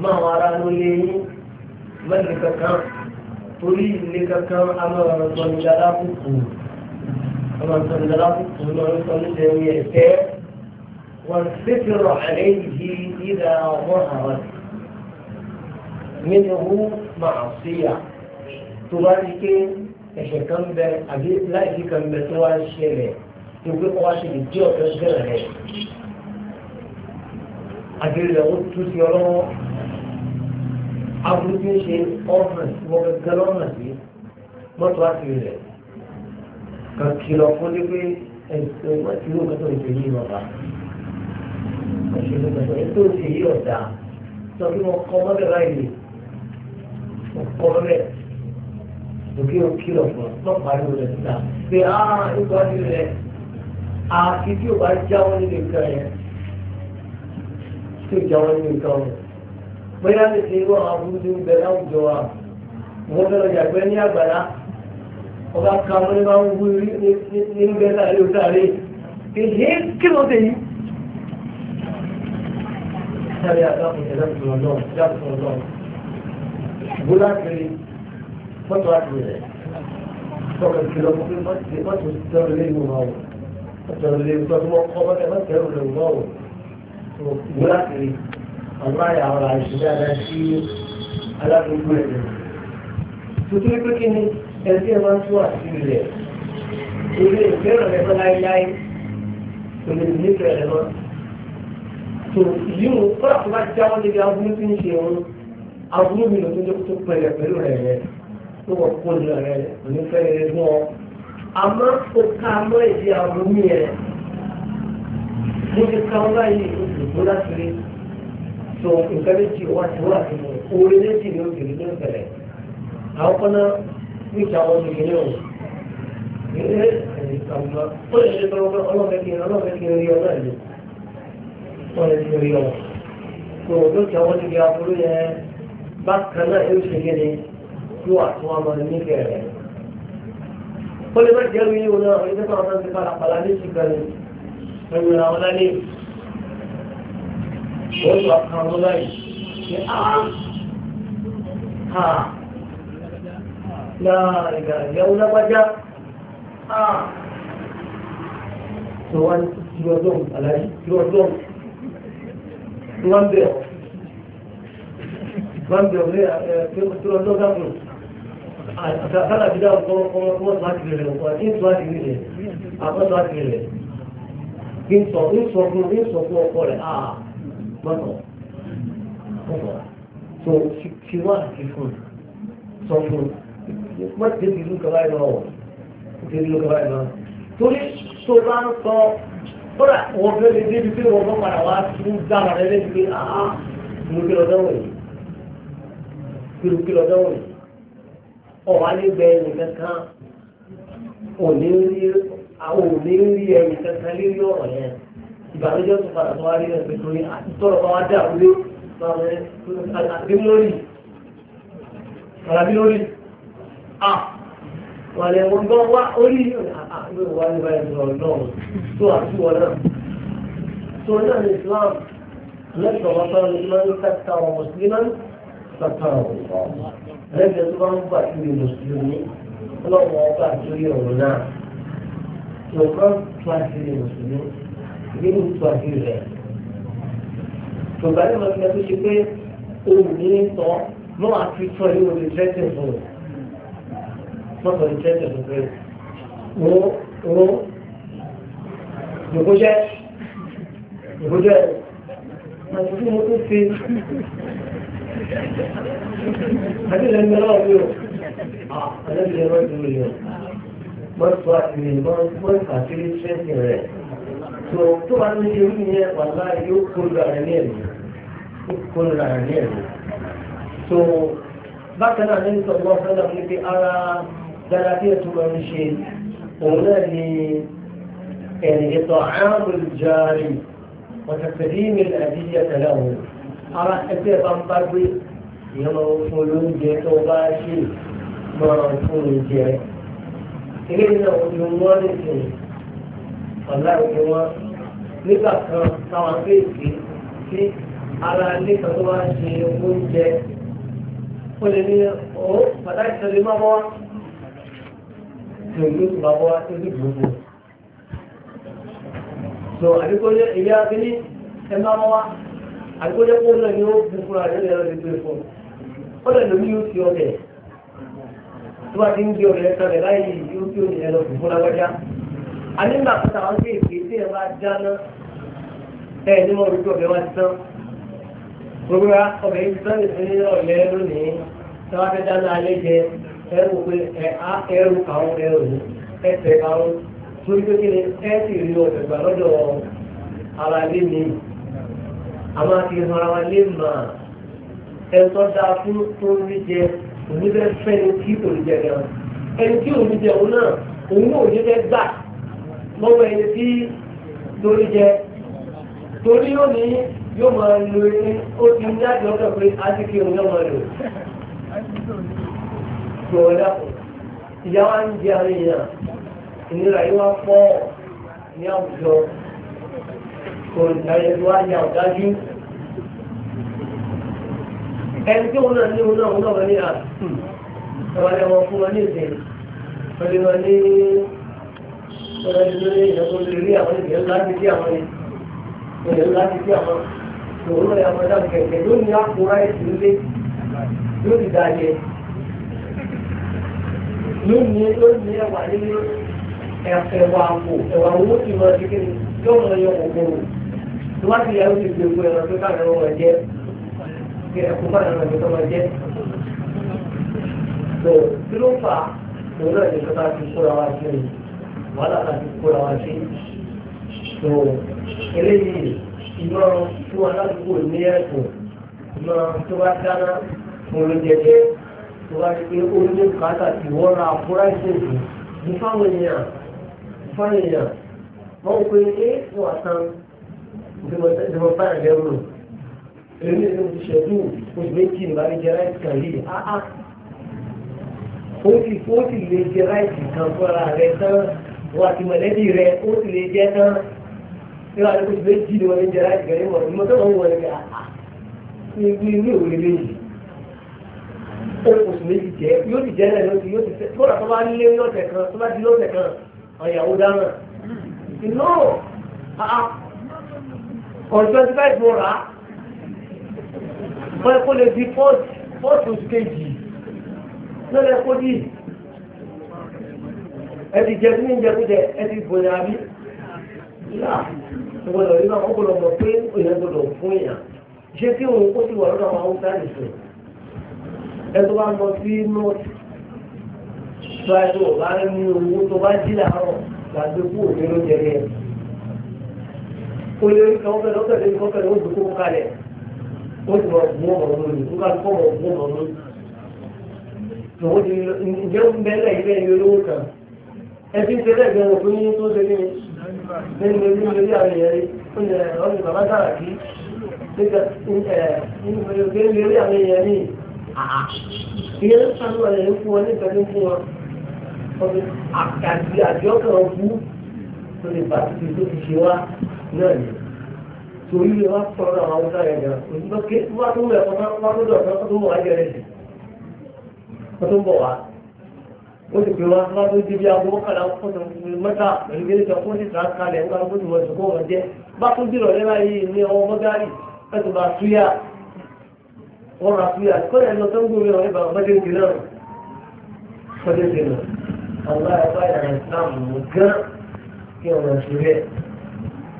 máa wọn ara ló lé yín mẹ́rin kankan torí ilé kankan amọ̀ràn sọ̀nìdàlá kùkù amọ̀ràn sọ̀nìdàlá kùkù lọ́rọ̀ sọ̀nìdàlá ẹ̀fẹ́ wọ́n fẹ́fẹ́ rọ̀ àlẹ́ yìí ìdá ọmọ àwọn منه معصية تبارك الشكم بل أبي لا يكم بتوا الشيء يقول قواش الجو تشغل عليه أبي لو تسيرو aburú tí ó ṣe ọ̀nà sí wọn gẹ́gẹ́ lọ́nà sí mọ́tò àti rẹ̀ kan kìlọ̀ fún ní pé ẹ̀sìn wọn ti rú mẹ́tò ìṣe yìí lọ́ba ẹ̀sìn mẹ́tò ètò ìṣe yìí ọ̀dà sọ pé wọ́n kọ́ mọ́tò láìlè wọ́n kọ́ rẹ̀ òkè òkìlọ̀ fún ọ̀pá ìlú rẹ̀ síta pé áá ìgbà ní rẹ̀ bóyá lè fi irú àwọn burúkú ń bẹ láwùjọ wa wọ́n fẹ́ lọ yàgbẹ́ ní àgbàlá ọba ká wọn ní máa ń wú rí ní bẹ́ẹ̀ sáré ó sáré èyí kí ló dé yìí. sáré àtàkùn ẹ̀dá tuntun náà ẹ̀dá tuntun náà bóyá kiri mọ́tò àti rẹ̀ tọ́kọ̀ kìlọ̀ fún mi mọ́tò tẹ̀rù lé ìwọ̀n àwọn mọ́tò tẹ̀rù lé ìwọ̀n àwọn ọmọ tẹ̀rù lé ìwọ̀n àwọn bóyá kiri àmọ́ àwọn àṣìṣe aláṣí aládùúgbò ẹ̀ tuntun pé kí ni ẹgbẹ́ máa ń tún àti ilẹ̀ ilé ìgbéràn rẹ̀ mọ́ láéláé kò lè nífẹ̀ẹ́ rẹ̀ mọ́ tó yíò kọ́lá tó bá jáwọ́ níbi aburú tí ń ṣe òun aburú mi lòun tó tó pẹ̀lẹ̀ pẹ̀lú rẹ̀ rẹ̀ tó wọ̀ kó lọ rẹ̀ onífẹ̀ẹ́ rẹ̀ mọ́ àmọ́ ó ká mọ́ ìdí aburú mi rẹ̀ mo ti ka ọ báyìí oṣù tó láti rí so nǹkan méjì wá sí wá sí orí méjì ni ó bèrè ní ìbẹ̀rẹ̀ àwọn kan náà wọn ní ìlú òun ní ilé ẹ̀rí kàmúmá ó lè ṣe tọrọ pé ọlọ́fẹ́ kí ọlọ́fẹ́ kí rí ọlọ́ ìlú wọn lè ti rí ọwọ́ so ló jà wọn níbi aburú yẹn bákan náà yóò ṣe kéde yóò àtúwọ́ ọmọ ní ìbẹ̀rẹ̀ ó lè má jẹ́ rí ìwọ náà ìdẹ́kọ̀ọ́ náà ti fara pàlà ní ìsìnkà ni ẹ̀yìn àwọn náà ní ó lọ kan ló láì ṣe áá láàrìnà ìyàwó lágbájá áá tó wá ní ti ọdún àlàyé ti ọdún tí wọ́n bẹ̀ ọ́ wọ́n bẹ̀ ọ́ ní ti ọdún dákùn àtàkàlà bí dáhùn kọ́ ọmọ tó wá ti rẹ̀ wọ́n ti tó wá ti rẹ̀ àkọ́ tó wá ti lọ́nà ọ̀nà so ṣe wá àti fún sọ fún má ti di ìlú kan báyìí lọ́wọ́ ti di ìlú kan báyìí lọ́wọ́ torí tó bá ń sọ kódà wọ́n fẹ́ lè débi pé wọ́n bá padà wá tún dára rẹ lẹ́bi pé áá ah, mo kí lọ dánwò yìí kí ló dánwò yìí ọ̀wá lè bẹ ẹnìkan kan òní rí ẹnìkan kan lé ní ọ̀rọ̀ yẹn ìbànújẹ́ tó padà tó wá rí rẹ̀ pẹ̀lú ní àtúntọ̀rọ̀ kan wá dé àwúlé àbímlórì àbímlórì à wà lẹ̀ wọ́n gbọ́ wá orí àbí wà ní báyìí sọ̀rọ̀ náà tó àtúwọ̀ náà tó náà ní Islam lẹ́sọ̀ wọ́n sọ̀rọ̀ ní máa ń tẹ́ta àwọn mùsùlùmí tẹ́ta àwọn lẹ́sẹ̀ tó bá ń gbà sí ní mùsùlùmí ọlọ́wọ́ ọba àtúrí ọ̀rọ̀ náà tó kọ́ tó àti ní mùsùlùmí nínú ìtọ́jú rẹ̀. Ṣùgbọ́n ní ọ̀sẹ̀ tó ṣe pé ohun ní sọ mọ́ àfihàn ní orí tẹ́tẹ̀ fún un. Wọ́n sọ ní tẹ́tẹ̀ fún pé wọ́n wọ́n ìgbójẹ́ ìgbójẹ́ àti tí mo tó fi àti ìlẹ́nu náà mi ò àti ìlẹ́nu náà mi ò mọ́ sọ àti ìlẹ́nu mọ́ sọ àti ìlẹ́nu rẹ̀ tó tó bá ní ṣe orí yẹn wàhálà yóò kórìíra rẹ̀ ní ẹ̀mí yóò kórìíra rẹ̀ ní ẹ̀mí. tó bákan náà ní sọ wọn fẹ́ràn ní pé ara dára bí ẹ̀tọ́ lọ ń ṣe òun náà ni ẹ̀rìn ètò àmì jàre ọ̀tẹ̀tẹ̀lì mi àdíyẹ tẹ̀lé òun ara ẹgbẹ́ bá ń bá gbé ìyẹn máa fún olóúnjẹ tó bá ṣe máa fún oúnjẹ. ilé ìlànà òun ni wọ́n lè sìn ọ̀la ìpín wọn nígbà kan táwọn akéèké sí ara ilé kan tó bá ń ṣe oúnjẹ ó lè ní ó pàtàkì tó lè má bọ́ wá tó ìlú tó bá bọ́ tó ní gbogbo. tó àdékọ́jẹ́ ìyá abíní ẹ má bọ́ wá àdékọ́jẹ́ kó náà ni ó bu fúnra rẹ̀ lẹ́yìn ọ̀rẹ́ tó fún un ó lè lómi yóò ti ọbẹ̀ tó bá ti ń gbé ọbẹ̀ lẹ́sẹ̀ rẹ̀ láì yóò tí ò ní lọ fún fúnra wájá ànígbà tó tàwọn sí èké tí ẹ bá dáná ẹ ní mo rúkọ ọbẹ̀ wá tán gbogbo ọbẹ̀ yìí tán nìkan ní ọ̀lẹ́ lónìí tí wọ́n fẹ́ dáná alẹ́ jẹ ẹrù pé ẹ á ẹrù àwọn ẹrù ẹsẹ̀ àwọn torí pé kí ni ẹ sì rí ọbẹ̀ gbà lọ́dọ̀ ara lé mi àwọn àti ìhàn ara lé mà ẹ tọ́ da fún tó jẹ òní fẹ́ fẹ́ ni kí òní jẹ gan ẹni tí òní jẹ òun náà òun náà òní fẹ́ gbà lọ́wọ́ ẹni tí lórí jẹ torí yóò ní yóò máa lo ẹni ó ti ní láti ọkọ̀ pé a ti kí òun yóò máa lò. Gbọ̀ọ́dá ìyá wa ń jẹ àwọn èèyàn ìnira yìí wá pọ̀ ní àwùjọ kò ìdáyẹ tó wá ní àwùjájú. Ẹni tí òun náà ní òun náà òun náà wọ́n à. Ẹ̀wọ̀n ẹ̀wọ̀n fún wọn ní ìsìn. Wọ́n wọn ní ọ̀rọ̀ ìṣẹ́lẹ̀ ìyẹn tó lè rí àwọn ìyẹn láti kí àwọn ìyẹn láti kí àwọn ìṣòro rẹ̀ àwọn ìdáàbò kẹ̀kẹ́ ló ní àkúrá ètò ilé ló ti dá yẹ ló ní ló ní ẹwà nínú ẹwà àpò ẹwà owó ti lọ sí kéde yóò lọ yọ òkúrò tó bá ti yẹ ó ti gbogbo ẹ̀rọ tó káàkiri wọn jẹ ẹ̀kú káàkiri wọn tó wọn jẹ tó kí ló fà á òun náà ní kọ́tà ti kóra wá wàhálà àti kóra wa sí so eléyìí ìmọ̀ tí wọn ládùúgbò ní ẹ̀kọ́ ìmọ̀ tó bá dáná fún olójẹjẹ tó bá rí pé ó ní bùkátà tí wọ́n ra afurasí èdè ní fáwọn èèyàn fáwọn èèyàn wọ́n ń pè é fún àtàn ìdìbò báyìí lẹ́rù èmi ìlú ti ṣẹ̀dú oṣù méjì ìbárí jẹ láìsí kan yìí áá ah, ah. ó sì lè jẹ láìsí kan fúnra rẹ̀ tán wọn àti mọ̀lẹ́bí rẹ ó sì lè jẹ́ tán ní wàá lóko ìgbé jí ni wọn lè jẹ láti gẹ̀rẹ́ wọn ní mọ́tò wọn wọlé ní àhà ah, ah, ní ibi ilé òwe lẹ́yìn ó oṣù méjì jẹ yóò ti jẹ náà yóò ti yóò ti fẹ́ tó rà tó bá lé lọ́sẹ̀ kan tó bá di lọ́sẹ̀ kan ọ̀yàwó dáná ìlú ọ̀jọ́ ti báyìí mo rà á wọ́n kó lè di fọ́ọ̀tù kejì lọ́lẹ̀ kó dì í ẹ̀dì jẹ́ ní ìjẹkújẹ ẹ̀dì ìbòyìn àbí ìgbọ̀dọ̀ rí náà ọgbọ̀dọ̀ mọ̀ pé èèyàn gbọdọ̀ fún èèyàn ṣé kí òun kó ti wà lọ́dọ̀ àwọn haúsá nìṣó ẹ tó bá lọ sí north tó ẹ ní owó tó bá jí làárọ̀ gbàgbé kú òfin ló jẹ yẹn olè orí kan fẹ́ lọ́kẹ̀dé ní ó dùn kó kalẹ̀ ó ti wọ gbọ́n ọ̀rọ̀ lónìí ó ká kọ́ wọ gbọ́n ọ̀rọ̀ lónìí. ìjẹun bẹ́ẹ̀ lẹ́yìn lẹ́yìn olówó kan ẹbí ń tẹ́lẹ̀ gẹ̀rẹ̀ fún yín tó ṣe ní ọ̀nà bàbá fún wọn ní ìtọ́jú kí wọ́n ó sì pè wọn bá tó di bí aago mọ́kànlá fọ́tò mẹ́ta pẹ̀lú gẹ́gẹ́ tó kún sí sàkálẹ̀ wọn bó ti wọ́n sọ fún wọn jẹ́ bá tó dì rọ̀lẹ́ báyìí ní ọwọ́ mọ́gárì fẹ́tò bá súyà wọ́n ra súyà kọ́lẹ̀ lọ tó ń gbòmí ọ̀rẹ́ bàbá bá déjì náà fọ́déjì náà àwọn ẹ̀fọ́ ìlànà ìsìlámù mú gán kí ọ̀nà ìṣúrẹ́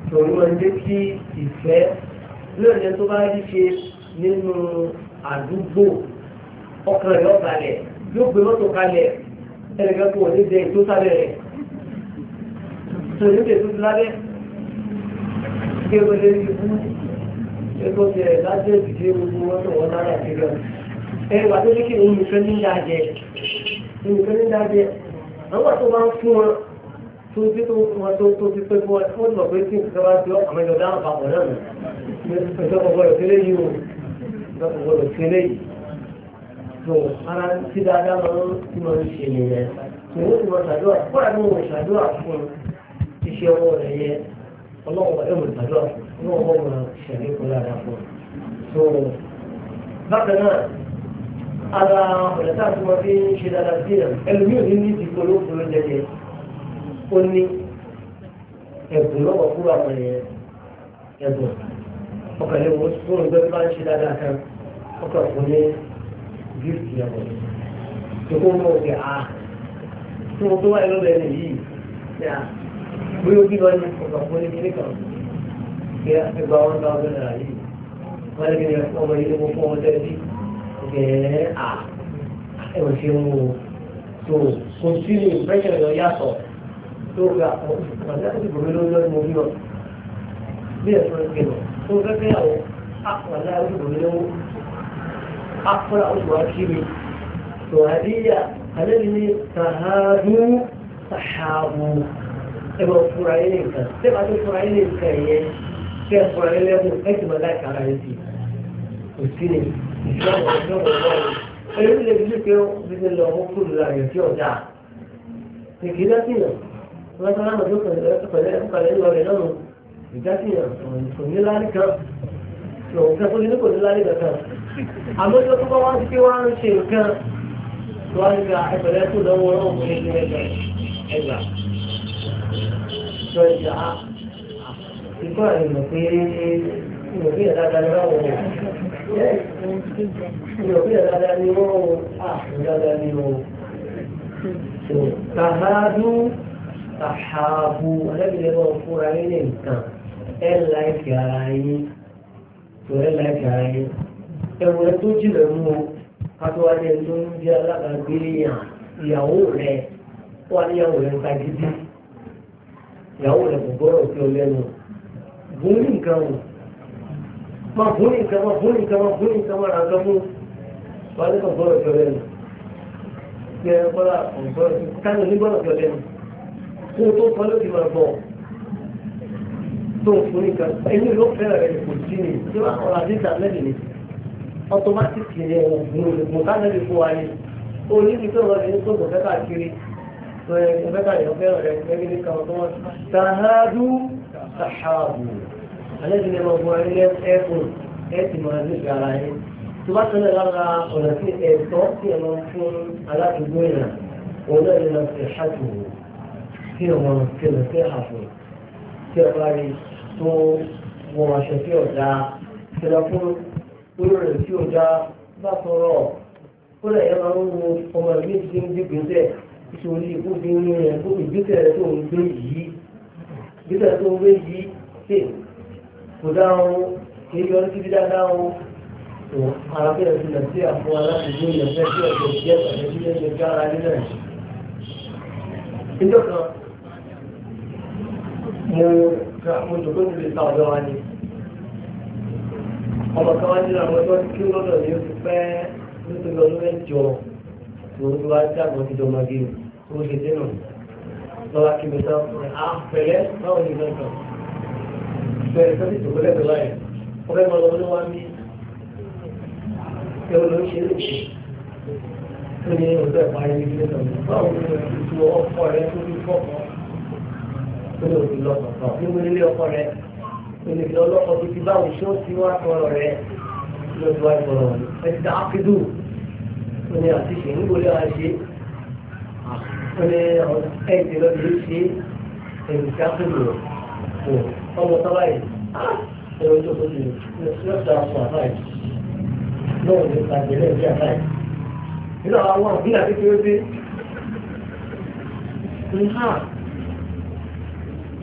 torí wọn jẹ́ kí ìfẹ́ lóòrè tó bá rí ṣe nínú àdúgbò ọkàn rẹ̀ ọ̀balẹ̀ yóò gbé mọ́tò kalẹ̀ ẹnìkan tó wọ́n ní jẹ ètò sábẹ́ rẹ̀ tó ní jẹ ètò lábẹ́ kí ẹgbẹ́ lè rí ibú ẹgbẹ́ tẹ lájẹ́ ìdíje gbogbo wọn tó wọ́n lára sí lọ. ẹ wà tó ní kí ni nìkan ní dájẹ nìkan ní dájẹ àwọn tó máa ń fún wọn tó ti tó wọn tó tó ti pé fún wọn ó lọ pé tó ara tí dáadáa máa ń tí máa ń ṣe nìyẹn tó yóò ti máa ṣàdúrà fúnra ní wọn ṣàdúrà fún iṣẹ́ ọwọ́ rẹ̀ yẹ ọlọ́run ọ̀rẹ́ mi ṣàdúrà fún kan ọkàn fún gift yẹn wọ̀ tó kó mọ̀ pé a tó tó wà ló bẹ̀rẹ̀ yìí bóyá ó bí wọn ní ọgbà fún ní kíní kan kí a ti gba wọn gba ọdún náà yìí wọn lè ní ọmọ yìí ló mú fún ọmọ tẹ́lẹ̀ bẹ́ẹ̀ à ẹ̀wọ̀n ṣe ń wo tó kò sí ní ìfẹ́ṣẹ̀ yọ yàtọ̀ tó ga ọ̀dà ti bòmí lórí ọdún mọ́bí lọ bí أقرأ وأكمل وهذه هلني فهادوا صحابوا إبرو فرعين كان تبعت فرعين كان كان فرعين يقول أجمع لك على يدي وسيني إسلام وإسلام وإسلام فلم يجلك بإذن الله كل لا يتيوجع فكذا سينا ولا ترى ما يوصل إلى يقول يبقى لأنه وغيره إذا سينا ومن سنين لك لو كان كل يقول لك àmójútó tó bá wá sí pé wá ń ṣe nǹkan tó wá nígbà ẹgbẹ̀rẹ́ tó lọ́wọ́ ọlọ́run kò ní ṣe ẹgbẹ̀ ẹgbà lọ ìjà ikọ́ rẹ̀ mọ̀ pé ìmọ̀ bí ẹ̀dá dáadáa lọ́wọ́ ìmọ̀ bí ni wọ́n wọ́n à dáadáa ni wọ́n tàhádú tàhábù alẹ́bìnrin wọn fúnra yín ní nǹkan ẹ̀ láìpẹ́ ara yín ẹ̀wọ̀n rẹ tó jìnà mú o kátiwájú ẹni tó ń jẹ́ alábàágbé ìyàwó rẹ ó wà níyàwó rẹ nǹkan gidi ìyàwó rẹ kò gbọ́dọ̀ sí ọ lẹ́nu bùn ní nǹkan o máa bùn ní nǹkan máa bùn ní nǹkan máa bùn ní nǹkan máa rà nǹkan mú wà ní kò gbọ́dọ̀ sí ọ lẹ́nu ṣe ẹ bọ́lá ọ̀gbọ́dọ̀ sí káàdì onígbọ́dọ̀ sí ọ lẹ́nu kó o tó sọ ló ti máa bọ̀ tó o fún nǹkan ẹni ló fẹ́ràn rẹ kò sí ni tí wàá kọ́ ọtọmátìkì rẹ ògùn ògùn kánẹ́lì fún wa ni ó ní ibi tó lọ sí tó kò fẹ́ káàkiri tó yẹ kò fẹ́ káàkiri ọ̀fẹ́ rẹ gẹ́gẹ́ ní kan tó wọ́n sàhádù sàhábù alẹ́ ti ní ọmọ ọgbọ́n ilé ẹ̀fún ẹ̀ ti máa ní ìgbà ara yẹn tó bá tẹ́lẹ̀ lára ọ̀nà tí ẹ̀tọ́ tí ẹ̀ fún aládùúgbò ìrìn òun náà ní sí ọmọ kẹlẹ̀ sí àfọ̀ tí ọba rí tó wọ aṣọ tí ọ̀dà tẹlifóònù orí rẹ̀ tí ò já bá sọ̀rọ̀ ó lè yẹ máa ń wo ọmọ ìlú ti ń gbé gbèsè ìṣòrí ìkóbi ń rìn rẹ̀ gbóbi gbèsè rẹ̀ tó ń gbé yìí gbèsè tó ń gbé yìí ṣe kò dáhùn kì yọrí síbi dáhùn tó arábìnrin ti lọ sí àpò aláṣẹjú ìyẹ̀fẹ́ tí ọ̀sẹ̀ jẹ́ ọ̀sẹ̀ tí ó ṣe gára nílẹ̀. ìjọ kan mo jòkó níbi ìta ọ̀dọ́ wa ni ọmọ kan wá nínú àwọn ẹgbẹ́ kí lọ́dọ̀ ní oṣù pẹ́ nítorí ọdún mẹ́jọ lòun tó wá dàgbọ́ ti dọ́mọ gé o ṣe dénà lọ́wọ́ kí mi sá à pẹ̀lẹ́ báwo ni ìgbà bẹ̀rẹ̀ sọ́dí tó gbẹ́lẹ̀ tó láyẹ̀ ọ̀rẹ́ mọ́ lọ́wọ́ ló wá ní ẹ̀rọ ló ń ṣe lè ṣe tó ní ọ̀dọ́ ẹ̀pá ayé ilé náà báwo ni ìtú ọkọ rẹ tó ní fọ́kọ́ tó ní òfin lọ́kọ̀ọ̀kan ìrìnlẹ̀ ọlọ́pọ̀ tó ti bá òṣó tí wọ́n sọ̀rọ̀ rẹ̀ lọ́dún wa ìbọ̀rọ̀ ẹ̀ ti dá ákédù ó ní àtìṣe níbo lè wá ṣe ó ní ẹ̀ ti lọ lè ṣe ẹ̀rù tí ákédù rẹ̀ ọmọ sábà yìí ẹ̀rọ tó tó ti lọ́sọ̀ àpò àbáyé náà ní àgbẹ̀lẹ̀ ìdí àbáyé nínú àwọn àwọn àbílà kékeré dé ní ha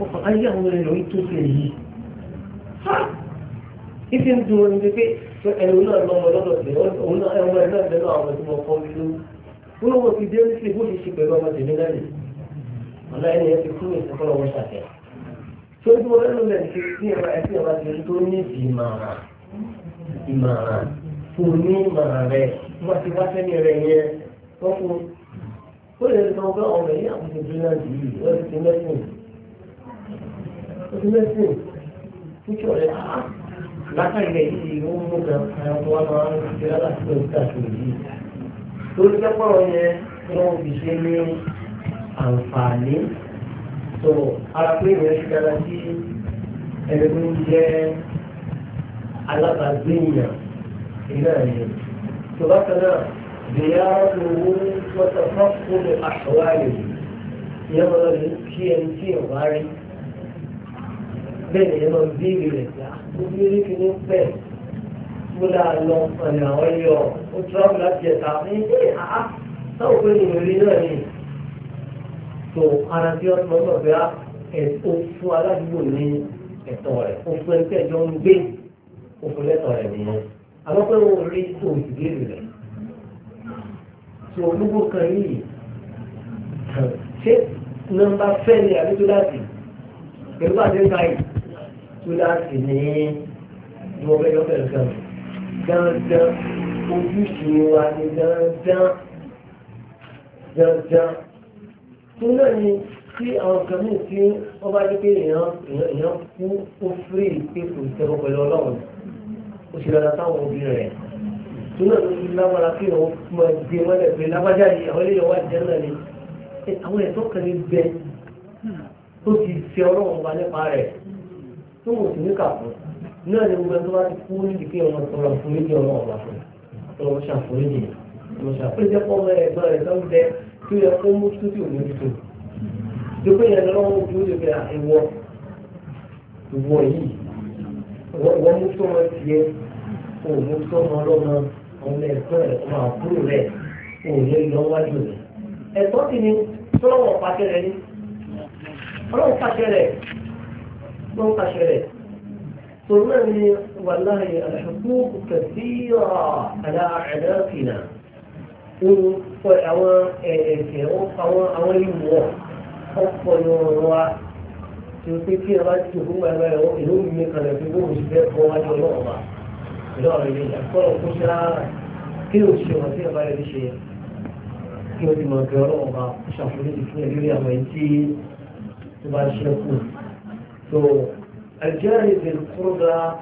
ọkọ̀ ayé àwọn ẹ̀rọ ìfi ń dùn ní pé ẹ̀rù náà lọ́mọ lọ́dọ̀ tẹ̀ òun náà ẹ̀rù náà bẹ̀rẹ̀ náà ọmọ tí mo kọ́ mi lóhùn wọ́n lọ́wọ́ ti dé sí bó ṣe ṣe pẹ̀lú ọmọ tèmi náà nì ọ̀nà ẹni ẹ ti kúrò ìsọ̀kọ́lọ́ wọn ṣàtẹ̀ tó ń dúró lẹ́nu lẹ́nu ṣe sí ẹ̀rọ ẹ̀sìn ọba ti tó ní ìmọ̀ràn ìmọ̀ràn kò ní ìmọ̀ràn rẹ̀ wọ́n ti wá sẹ́ni rẹ̀ yẹn wọ́n fún fíjọ rẹ̀ ah, ah, látàrí yìí ó mú kan ẹranko wa máa ń fi láti lọ sí àkìlì yìí torí pẹ́pọ́ yẹn tí wọ́n fi ṣe ní àǹfààní tó ara pé ìyẹn ṣe dára sí ẹni tó ń jẹ́ alábàágbé èèyàn iná yẹn tó bákan náà bèèyà lówó wọ́n tẹ̀ fún mi àṣọwáyé yìí ìyẹn wọn lè kí bẹ́ẹ̀ ni ẹ̀rọ bíbí rẹ̀ gbà gbogbo eré kìíní pẹ̀ mo dà lọ ọ̀nà àwọn yọ ó tíráàbù láti ẹ̀ka ní ilé àá táwọn òpin ìrìn orí náà ni tó ara tí wọ́n ti mọ́ bẹ́ẹ̀ á ó fún aládùúgbò ní ẹ̀tọ́ rẹ̀ ó fún ẹni tẹ́jọ́ ń gbé òfin lẹ́tọ̀ rẹ̀ nìyẹn àwọn pé wọn rí òòtù bíbí rẹ̀ tó olúgbò kan yìí ṣé nọ́mbà fẹ́ ni àbí tó láti pẹ̀lú àdéhùn báyìí kíláàsì ní lọ́pẹ́lọpẹ́ kan dandan ojúṣe wa ni dandan dandan tó náà ni tí àwọn kan ní tí wọ́n bá dípé èèyàn kú ó fírí pé kò tẹ́wọ́ pẹ̀lú ọlọ́run ó ṣe dáadáa táwọn òbí rẹ̀ tó náà ló fi lágbára kí òun máa gbé mọ́lẹ̀ pé lágbájá yìí àwọn eléyàwó àjẹ́ náà ni àwọn ẹ̀tọ́ kan ní bẹ́ẹ̀ ó ti fi ọlọ́run ba nípa rẹ̀ tó wò sí níkà fún náà ni gbogbo ẹni tó bá ti kú níbi kí ọmọ sọ̀rọ̀ àforíjì ọmọ ọ̀gá fún ọmọ ṣàforíjì ọmọ ṣàforíjì pọ̀ ọmọ ẹ̀gbọ́n rẹ̀ tó ń bẹ tó yẹ kó mú tútù òní tuntun tó pé yẹn lọ́wọ́ ojú ó lè fi ìwọ ìwọ yìí ìwọ mú tó wọn tiẹ̀ kò mú tó wọn lọ́mọ ọmọ ẹ̀gbọ́n rẹ̀ ọmọ àbúrò rẹ̀ kò ní lọ wájú rẹ̀ ẹ̀tọ́ sì ni tọ́lọ́wọ̀ pàṣẹ rẹ̀ ni ọlọ́wọ̀ pàṣẹ rẹ̀ ló ń pàṣẹ rẹ̀ tòun náà ni wàláhì al-huquq kathira ala a'naqina ohun fọ àwọn ẹ̀ẹ̀kẹ́ àwọn ìwọ̀ ọ̀pọ̀ yọ̀rọ̀ wa tí ó pé kí ẹ bá ti òkú wa ẹgbẹ́ ẹ̀wọ̀ ìlú mi kan lè fi bó oṣù fẹ́ kọ́ wájú ọlọ́run wa ìlú àwọn ilé ìyá kọ́ ọ̀kú sí rárá kí o ṣe wọ́n tí ẹ bá yẹ ṣe kí o ti mọ̀ pé ọlọ́run wa ṣàfihàn ìfún ẹ̀rí àwọn ẹ̀jí tó bá ṣẹ́kù. الجاري في القربى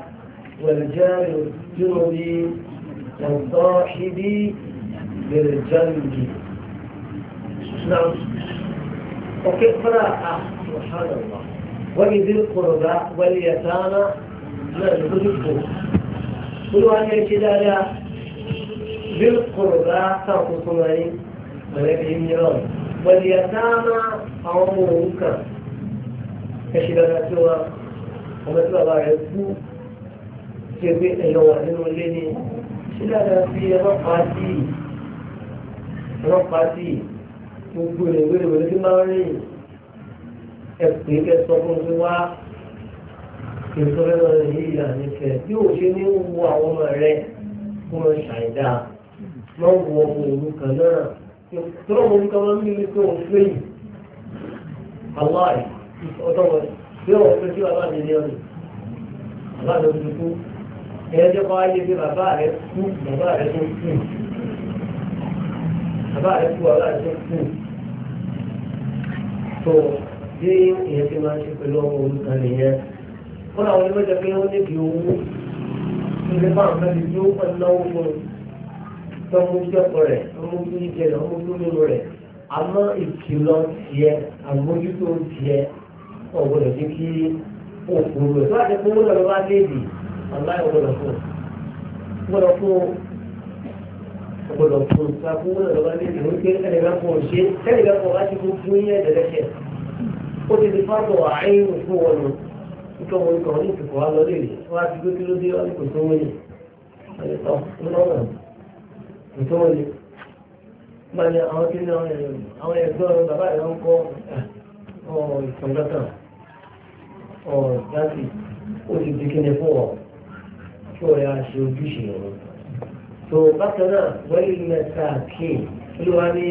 والجاري الجنب والصاحب بالجنب نعم اوكي فلا سبحان الله وإذ القربى واليتامى لا نذكره قلوا أن يجد بالقربى تركوا ثمانين ولكن يرون واليتامى أو ẹṣẹ dáadáa tí wọn ọmọ tí bàbá rẹ kú ṣe pé ẹyọ wà nínú ilé ni ṣé dáadáa sí ọlọ́pàá sí ọlọ́pàá sí gbogbo rẹ wéréwéré tí máa ń rìn ẹ sọ fún mi wá ìtọ́lẹ́wọ̀n yìí àníkẹ́ bí ò ṣe ní wo àwọn ọmọ rẹ kó lọ ṣàìdá lọ wo ọmọ òru kan náà tọ́lọ́mọ òru kan máa ń bí wípé òun fẹ́ yìí aláì ọ̀tọ̀ wọn bí wọn fẹ́ sí bàbá mi ní ọ̀nà bàbá mi ti kú ẹ̀yẹ́ jẹ́ kọ́ ayé pé bàbá rẹ̀ kú bàbá rẹ̀ tó kú bàbá rẹ̀ kú bàbá rẹ̀ tó kú tó bí ìyẹn ti máa ń ṣe pẹ̀lú ọmọ orúkọ nìyẹn wọn àwọn onímọ̀ jẹ́ pé wọ́n ní kí owó ilé máa ń fẹ́ni tí ó pẹ́ náwó fún tọ́mú jẹ́pọ̀ rẹ̀ tọ́mú tó rẹ̀ tọ́mú tó rẹ̀ àmọ́ ìkìlọ̀ tiẹ̀ àmójútó tiẹ̀ ọ̀gbọ́dọ̀ jẹ́ kí òkú rẹ̀ tó àti kó lọ́dọ̀ wá léèdì ọ̀la ọ̀gbọ́dọ̀ fún ọ̀gbọ́dọ̀ fún ọ̀gbọ́dọ̀ fún ọ̀gbọ́dọ̀ fún lọ́dọ̀ wá léèdì ó ké ẹnìkan fún ọ̀ṣẹ́ ẹnìkan fún ọ̀láṣẹ́ fún fún yẹn ẹ̀dẹ̀lẹ́ṣẹ̀ ó ti di fáwọn àárín fún wọn nù nítorí wọn kàn ní ìsìnkú wa lọ léèrè wọn ti gbé kí dé wọn kò tó wọlé ọ̀lẹ́tọ̀ ńlọ́rọ̀ kò tó wọlé. Gbani àwọn kí ni àwọn ẹ̀gbọ́n bàbá ìlú ń kọ́ or conductor or taxi ó ti di kíni fún ọ kí ọ yà ṣe ojúṣe ọ̀rọ̀. tó bákan náà wẹ́lí mẹ́ta kí ló wá ní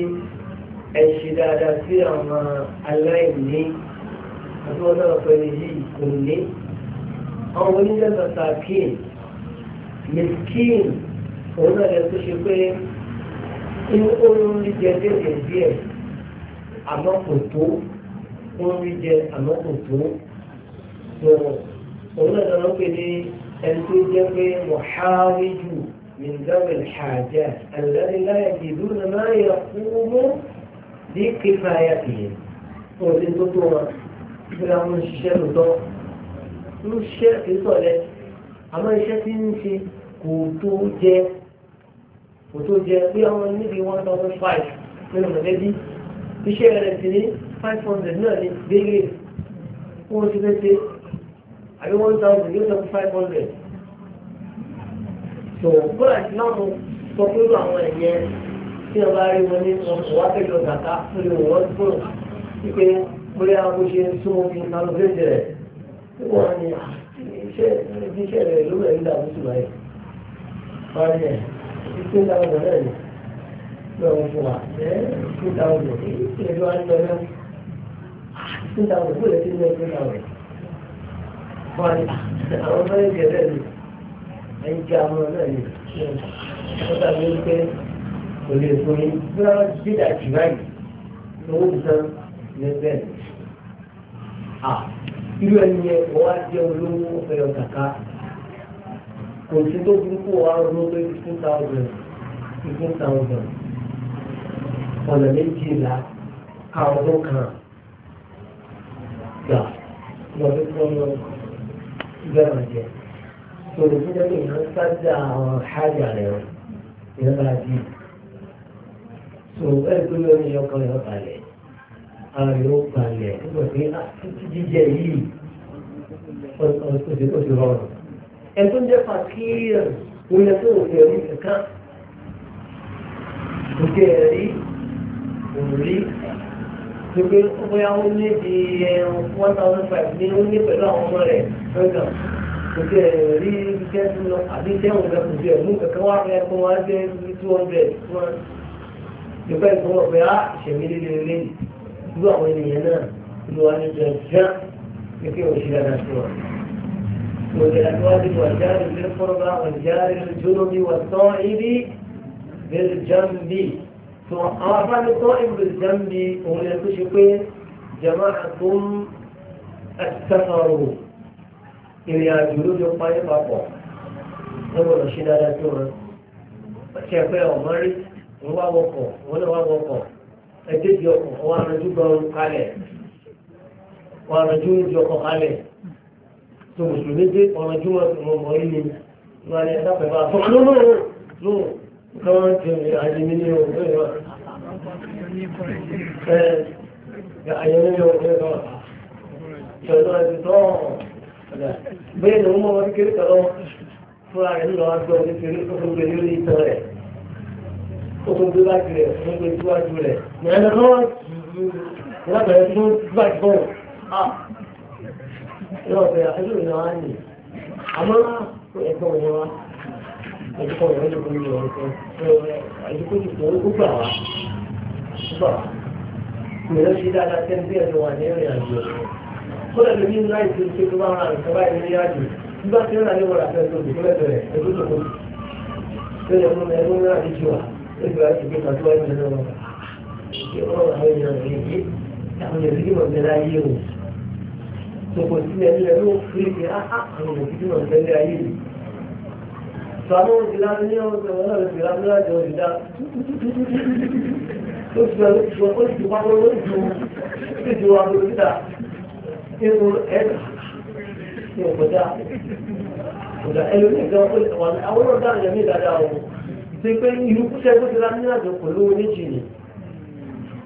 ẹ dáadáa sí àwọn aláìní àti wọn náà pẹ̀lú yìí kò ní. àwọn oníṣẹ́ mẹ́ta kí miskin òun náà lè tó ṣe pé inú oorun jíjẹ déédéé díẹ̀ àmọ́ kò tó fún jíjẹ àmọ́ kò tó tó òun náà lọ́nà pé ní ẹni tó jẹ́ pé wàhálì jù من ذوي الحاجات الذي لا يجدون ما يقوم بكفايتهم òsì tó tó wọn bí wọn ń ṣiṣẹ́ lòótọ́ ń ṣiṣẹ́ ìtọ̀lẹ́ àmọ́ iṣẹ́ tí ń ṣe kò tó jẹ kò tó jẹ bí àwọn níbi one thousand five nínú mọ̀lẹ́bí iṣẹ́ rẹ̀ ti ní 500 hundred náà ní gbégbé wọ́n ti fẹ́ ṣe àbí one thousand yóò lọ five hundred tó kódà tí náà mo sọ pé àwọn ẹ̀yẹ tí wọ́n bá rí wọn ní wọ́n fẹ́ lọ gàtá lórí wọn fún wípé bóyá bó ṣe ń súnmọ́ fi náà lọ́sẹ̀ jẹ̀rẹ̀ wọ́n ní ah, iṣẹ́ iṣẹ́ rẹ̀ ló bẹ̀rẹ̀ nígbà tó ti wáyé wọ́n ní ẹ̀ eh, fifteen thousand náà ní lọ́wọ́ fún wa ẹ̀ eh, fifteen thousand ẹ̀ẹ́dẹ́gbẹ̀rún fifteen thousand kó lè fi ní ọdún thousand. àwọn fẹ́rẹ́ gẹ̀rẹ́ ni ẹ̀yìn kí àwọn ọmọ náà wọ́n tàbí ń pẹ́ kò lè fún yín bí wọ́n ti dà jù báyìí owó nìkan ní bẹ́ẹ̀ ni. Ah, irú ẹni yẹn wọ́n wá jẹ́ olówó ọ̀fẹ́ ọ̀kàkà kò sí tó burúkú wa ronú pé fifteen thousand fifteen thousand ọ̀nà méjìlá ká ọdún kan gbà lọ́dún tó lọ gbẹ̀rọ̀ jẹ. Tòlù fún jẹ́kí ìyá ń sájà àwọn ṣáàjà rẹ̀ o, ìyá bá jì. Tò ẹ̀ tó lọ ní ọkọ yọ balẹ̀, ara yóò balẹ̀ nígbà pé títí jíjẹ yìí ó ti rọrùn. Ẹ tó ń jẹ́ pàkíyà òun yẹ kó òfin ẹ̀rí kankan. Òkè ẹ̀rí òun rí pé bóyá ó ní di one thousand five ní ó ní pẹ̀lú àwọn ọmọ rẹ̀ lọ́gàn kò sí ẹ̀ rí iṣẹ́ tó lọ àbí iṣẹ́ òun kan kò sí ẹ̀ mú kankan wá fẹ́ kó wá jẹ́ two hundred one nípa ìfowópamọ́ pé á ah, ìṣẹ̀mí líle lé irú àwọn ènìyàn náà ló wá ní jẹjẹrẹ pé kí òun ṣe dáadáa sí wọn. والأزواج والجار ذي القربى والجار الجنب والصائب بالجنب tó àwọn afáàní tó ìbùdó jambi òun lè tó ṣe pé jama'atun àtìsáfàrò ìrìn àjò ló jọ parí papọ̀ wọ́n gbọ́dọ̀ ṣe dáadáa tó wọn ṣe pé ọmọ rí wọ́n wá wọkọ̀ wọ́n lè wá wọkọ̀ ẹ̀jẹ̀ di ọkọ̀ wọ́n arànjú gan kalẹ̀ wọ́n arànjú di ọkọ̀ kalẹ̀ tó mùsùlùmí dé ọ̀rànjú wọn mọ̀ mọ̀ rí ni wọ́n á ní ẹ̀dá pẹ̀lú àtọ̀ lóòrùn lóòrùn lọ́wọ́ bẹ́ẹ̀ ni wọ́n mọ̀ wọ́n kékeré kan fúnra rẹ̀ ńlọ agbọ́ kékeré tó tó gbé lórí ìtàn rẹ̀ tó tó gbé láti rẹ̀ tó gbé síwájú rẹ̀ ìrẹ́lẹ̀ kan ẹ̀dùkọ́ rẹ̀ lọ́jọ́ kúrò lọ́wọ́ kan ẹ̀dùkọ́ ti sọ ó gbà wá gbà wá mi ló ní ìrìn àjò kódà ló ní tó ṣe tó wọn àrùn kọ́bá ìrìn àjò rẹ̀ ẹ̀dùn tó kó tó yẹ fún ẹ̀dùn náà ní jù wá ẹ̀dùn láti gbé pàtó wáyé nínú wọn àwọn èèyàn rẹ̀ yé àwọn èèyàn sàmú ìlànà ní ọ̀sẹ̀ wọn náà fi ìlànà láti ọ̀sẹ̀ dá ó ti sọ ìṣòro ó ti wá lọ́wọ́ ìṣòro ó ti wá lọ́wọ́ títà nínú ẹ̀ka ní ọ̀pọ̀dá ọ̀dà ẹlòmíì gan àwọn ọ̀dà ìyẹ̀mí dáadáa o ti pé ìlú kúṣẹ́ bó ti rán ní àjọ pẹ̀lú oníjì ni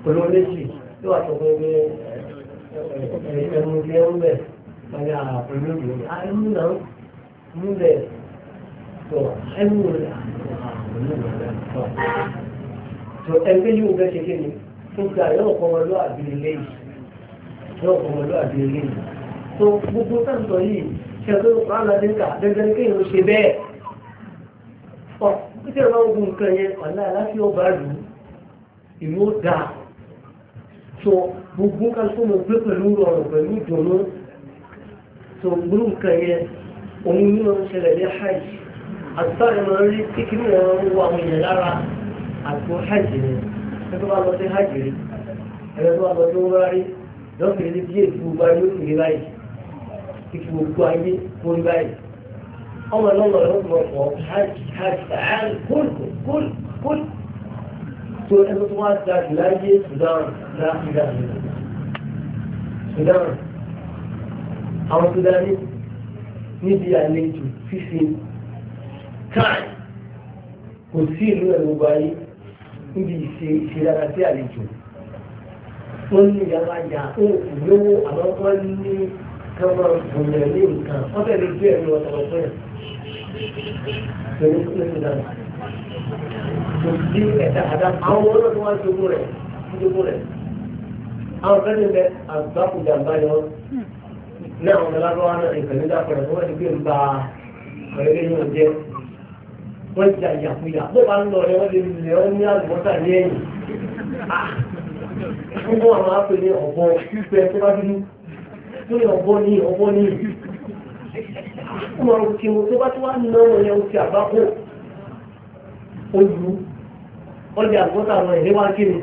pẹ̀lú oníjì ló wà sọ pé ẹnu ilé ń bẹ̀ wọ́n ní tọ̀ ẹnu rẹ̀ tọ̀ ẹgbẹ́ yóò bẹ́ ṣe kéde tó ga yóò kọ́ wọn lọ àbílẹ̀ lẹ́yìn yóò kọ́ wọn lọ àbílẹ̀ lẹ́yìn tó gbogbo sáǹtọ̀ yìí ṣe tó kọ́ aládéka dandan kéèyàn ló ṣe bẹ́ẹ̀ ọ̀ títí ẹ̀rọ ogun nǹkan yẹn ọ̀la aláfíà ọba rù ìlú ó dáa tó gbogbo kálukú mọ̀ pé pẹ̀lú rọrùn pẹ̀lú ìdùnnú tó gbogbo nǹkan yẹn òun ní wọn ṣẹlẹ̀ ní hajj àtúntàn ẹ̀rọ rí kíkiri ẹ̀rọ ń wo àwọn èèyàn lára àgbo hajj ni ẹgbẹ́ wa lọ sí hajj rí ẹgbẹ́ tó wà lọ sí wúrà rí lọ́kùnrin ní bíyè fún gbogbo ayé òkèèrè báyìí fífi gbogbo ayé kó rí báyìí ọmọ ẹ̀ lọ́nà ọ̀rọ̀ ọ̀gbọ̀n ọ̀ hajj hajj hajj kúl kúl tó ẹgbẹ́ tó wá káì kò sí ìlú ẹ̀ gbogbo ayé níbi ìṣe ìṣedára sí àlejò wọ́n ní ìyára ya òkú lówó àmọ́ wọ́n ní kọ́mọ bùnẹ̀ ní nǹkan wọ́n fẹ́ẹ́ lè gbé ẹ̀mí wọn sọ̀rọ̀ fún ẹ̀ pẹ̀lú kúlẹ̀ tó dára kò sí ẹ̀dá àdá àwọn ọmọ náà tó wá jogún rẹ̀ jogún rẹ̀ àwọn fẹ́ẹ́ lè àgbákùjà bá yọ náà àwọn ọmọ lábọ́ wa náà ìkànnì dápẹ̀rẹ̀ wọ́n ti gbé ń ba ọ̀rẹ́lẹ́yìn wọ́n jà ìyàkúyà bó bá ń lọ rẹ wọ́n lè lè ọ́ ní àlùbọ́sà ní ẹ̀yìn gbogbo àwọn á pè ní ọ̀bọ pípẹ́ tó bá dúdú tó ní ọ̀bọ ní ọ̀bọ ní ọmọ òkè wọn tó bá tó wá ná wọn yẹn òkè àbákò olú ọjà àlùbọ́sà àwọn ẹ̀dẹ́ wá kí ni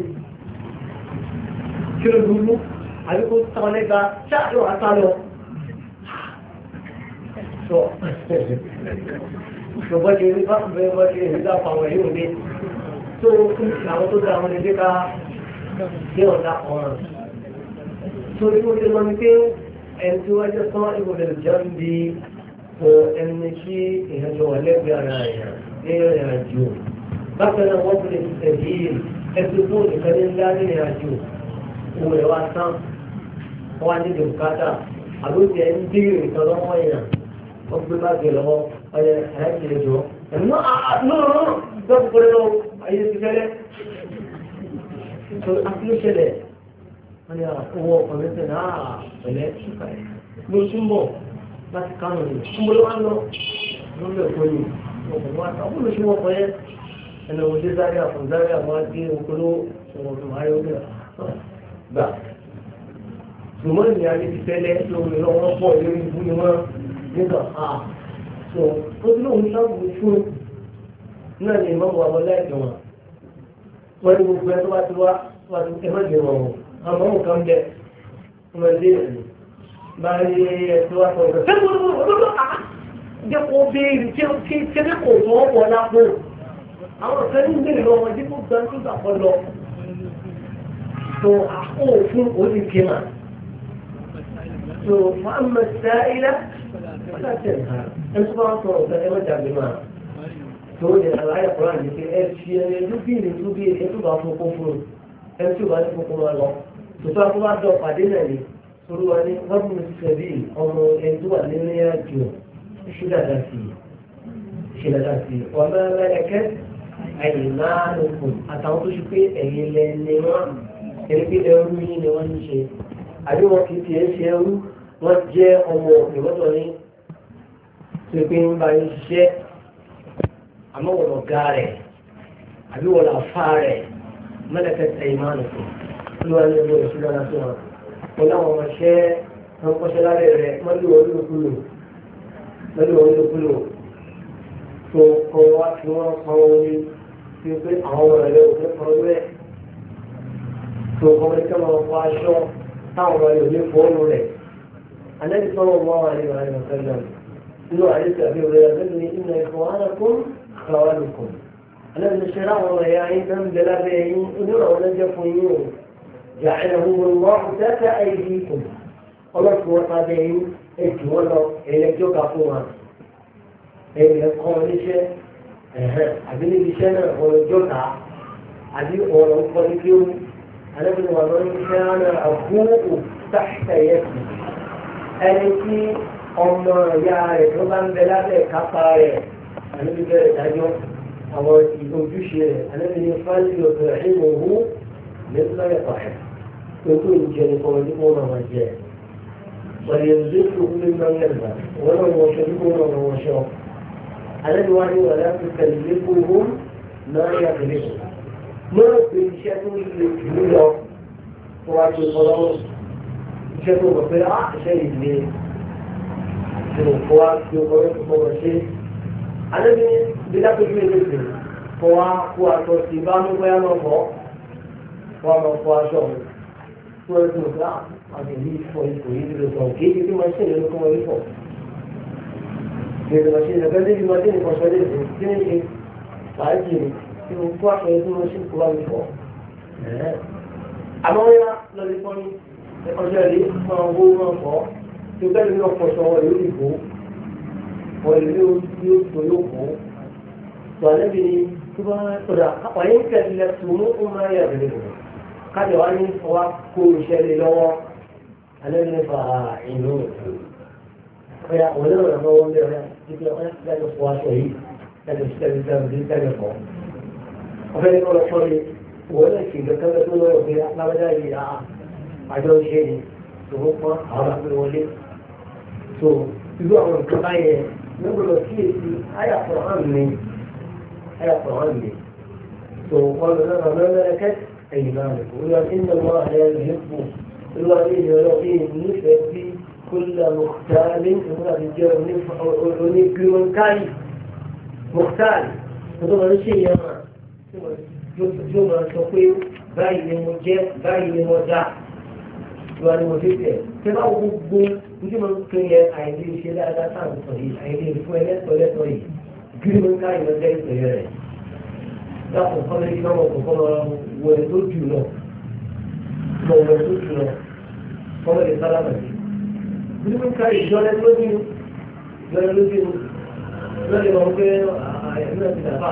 kí ló dúdú àbí kó sáwọn lẹ́gbàá ṣáà yóò wá sá lọ ṣùgbọ́n ṣe rí bá bẹ́ẹ̀ bọ́ ṣe rí dápọ̀ àwọn èyí òde tó fún àwọn tó dáa wọn lè dé ká dé ọ̀dà ọ̀ràn. torí ó ṣe lọ ní pé ẹni tí wọ́n jẹ́ sọ ìwòlẹ̀ jẹ́ ń bi fọ ẹni tí ìrìnàjò wà lẹ́gbẹ̀ẹ́ ara èèyàn ní ìrìnàjò. bákan náà wọ́n fi lè tẹ̀lé ẹtù fún ìkan ní ńlá ní ìrìnàjò òun rẹ̀ wá tán wọ́n á nílò kátà àbúrò ẹ̀ ń bí ìrìnàjò lọ́wọ́ èèyàn ayẹ aláìkiri jọ ẹ̀nà àánúrò gbọ́dọ̀ kọ́lé lọ ayé ti fẹ́rẹ́ akílóṣẹlẹ̀ wọ́n ni ah, owó ọkọ̀ mẹ́fẹ́ náà ah, pẹ̀lẹ́ ló túnbọ̀ láti kánú ni túnbọ̀ ló wá lọ ló lè kó ní ọkọ̀ wá tà ó lè ṣe wọ́pọ̀ yẹn ẹ̀nà òde zaria fún zaria wọ́n á gé okòló ọ̀rọ̀ tó máa yọ gbà ṣùgbọ́n ìrìn àjẹ́ ti fẹ́lẹ́ lórí lọ́wọ́ pọ̀ lórí ibú ni wọ́n nígbà ah, sọ ó ti lóun ṣọ́ọ̀bù fún náà ni ìmọ̀ wà wọlé ẹ̀jọ̀ wọn wọ́n ní gbogbo ẹ̀ tó bá ti wá tó bá ti ẹ̀ má jẹ̀ wọ̀n àmọ́ òun kan bẹ̀ ọmọ ilé rẹ̀ bá rí ẹ̀ tó wá sọ̀rọ̀ ṣé mo ló ló ló à jẹ́ kó béèrè tí kí kébé kò tó wọ́n lápò àwọn kan ní ìbéèrè lọ wọn dípò gan tó gbà lọ tó àkó òfin òdì kéema tó fún àmọ̀ sáà ẹni tó bá sọ ọ̀sẹ̀ ẹ mẹ́ta bí máa tó ní aláyà kúrò àti pé ẹ fi ẹni lúbí ní lúbí ẹni tó bá fọkó fún un ẹni tó bá ní fọkó máa lọ tòtò àkó bá dọ̀ pàdé náà ni torí wa ní wọ́n mú sẹ́bí ọmọ ẹni tó wà nínú ẹ̀ jù ṣé dáadáa sí i ṣe dáadáa sí i wọ́n bá ẹ̀kẹ́ ẹ̀yìn náà ló kù àtàwọn tó ṣe pé ẹ̀yìn lẹ́ni wọn ẹni pé ẹrú yín ni wọ́n ń ṣe àbí wọn kì í ti ẹ̀ ṣe ẹrú wọ́n jẹ́ ọmọ ìwọ́tọ̀ ní tó pé ń bá yín ṣiṣẹ́ àmọ́ wọ́n lọ ga rẹ̀ àbí wọ́n lọ fa rẹ̀ mẹ́lẹ̀kẹ́tẹ̀ ìmánu kù olúwa ní ìlú òṣù dára fún wa wọn láwọn ọmọ ṣẹ́ wọn kọ́ṣẹ́ lálẹ́ rẹ̀ mọ́lú wọn lókulò mọ́lú wọn lókulò tó kọ́ wá kí wọ́n kọ́ orí tí ó pé àwọn ọmọ rẹ̀ ò fẹ́ kọ́ lóẹ̀ tó kọ́ ní kí wọ́n kọ́ aṣọ táwọn ọmọ rẹ̀ ò ní rẹ̀ alẹ́ ti sọ́wọ́ wọn wà ní ìwà ìwà sẹ́lẹ̀ إنه حديث أبي هريرة إن إخوانكم خوالكم أنا من الشراء والرياعين دم بلابعين أدرع نجفين جعلهم الله تحت أيديكم الله سوى قادعين اتولوا إيه إيه إليك إيه يقفوها إليك قوليش أبني بشأن ولجوكا أبي أولو قوليكم أنا من وضعين كان أخوه تحت يدي أنا ọmọ ìyá rẹ̀ tó bá ń bẹ lábẹ́ ìkápá rẹ̀ àníbi bẹ̀rẹ̀ dájọ́ àwọn ojúṣe rẹ̀ àníbi ní fáńtì ọ̀sẹ̀ ìmọ̀ òwú lẹ́sọ̀rẹ̀ pàṣẹ tó tó ń jẹ nípa ọdún kó máa máa jẹ wọ́n yẹ lóṣù tó ń lé máa ń lẹ́gbà wọ́n náà wọ́n ṣe dúkọ́ náà wọ́n wọ́n àníbi wá ní wàlá ti tẹ̀lé lépo owó náà yà tẹ̀lé kù nínú fún wa tí o kọ́ yóò fún ọ ṣe. Alẹ́bí bí dákòjú ilé ìsìn fún wa kó aṣọ sí bá ní bóyá náà fọ́ fún ọmọ fún aṣọ mi. Tí wọ́n ti mọ̀ pé àwọn èyí fọ ipò yìí lè sọ kí ibi máa ṣe ìlú kọ́ wọlé fọ̀. Bẹ̀rẹ̀ máa ṣe ìlẹ̀kẹ́ débi máa dé nìkan ṣọlé ìsìn kí ní ṣe fàájì ni tí mo kó aṣọ yẹn tí mo ṣe kó wá mi fọ̀. Àmọ́ wọ́n yá lọ́ọ́ tó bẹ́ẹ̀ ní ọ̀pọ̀ṣọ ọ̀rẹ́ yóò bò ọ̀rẹ́ yóò tó yóò bò tó àlẹ́bí ni tó bá ọ̀dà àpàyé ń tẹ̀lé tó mú kó máa yà bẹ̀rẹ̀ lọ kájọ wá ní ọwá kó iṣẹ́ lé lọ́wọ́ àlẹ́bí ni fa ìlú ọ̀yà ọ̀rẹ́ ọ̀rẹ́ ọ̀rẹ́ ọ̀rẹ́ ọ̀rẹ́ títí ọ̀rẹ́ lẹ́nu fọ aṣọ yìí lẹ́nu sílẹ̀ lẹ́nu sílẹ̀ fọ ọ̀fẹ́ ní kọ́lọ́ sọ́ọ́lì wọ́n lè ṣì gbẹ́kẹ́lẹ́ tó lọ́wọ́ pé alábẹ́dá yìí àjọ ṣe ni tòun pọ́n àwọn àgbẹ̀ wọlé so irú àwọn nǹkan báyẹn nígbàgbọ́ kíyèsí ayàpọ̀ hàn mí ayàpọ̀ hàn mí so wọn lọ náà lọ lẹ́rẹ́kẹ́ ẹ̀yìn náà rẹ̀ kó yọ sí ìjọba ààrẹ rẹ̀ kù irú àwọn èèyàn lọ bí nífẹ̀ẹ́ sí kólà mọ̀tàlẹ́ ìṣòro àti jẹ́ onígbìrọ̀ǹkáyì mọ̀tàlẹ́ ọdún wọn ṣe yẹn mà yóò máa sọ pé báyìí ni mo jẹ́ báyìí ni mo dá ìwà ni mo ti tẹ̀ ṣe bá gbogbo ojú máa ń pè é àìlè ṣe dáadáa sáà ń sọ yìí àìlè fún ẹlẹ́tọ̀ọ́ lẹ́tọ̀ọ́ yìí gírí mi ká ìlọ jẹ́ ìpè rẹ̀ dákun kọ́ lórí náà wọ̀ kọ́ lọ wọ ẹ̀ tó jù lọ lọ wọ ẹ̀ tó jù lọ kọ́ lórí sálámà sí. gírí mi ká ìjọlẹ̀ lójú ìjọlẹ̀ lójú lórí wọn pé àìlè ti dàbà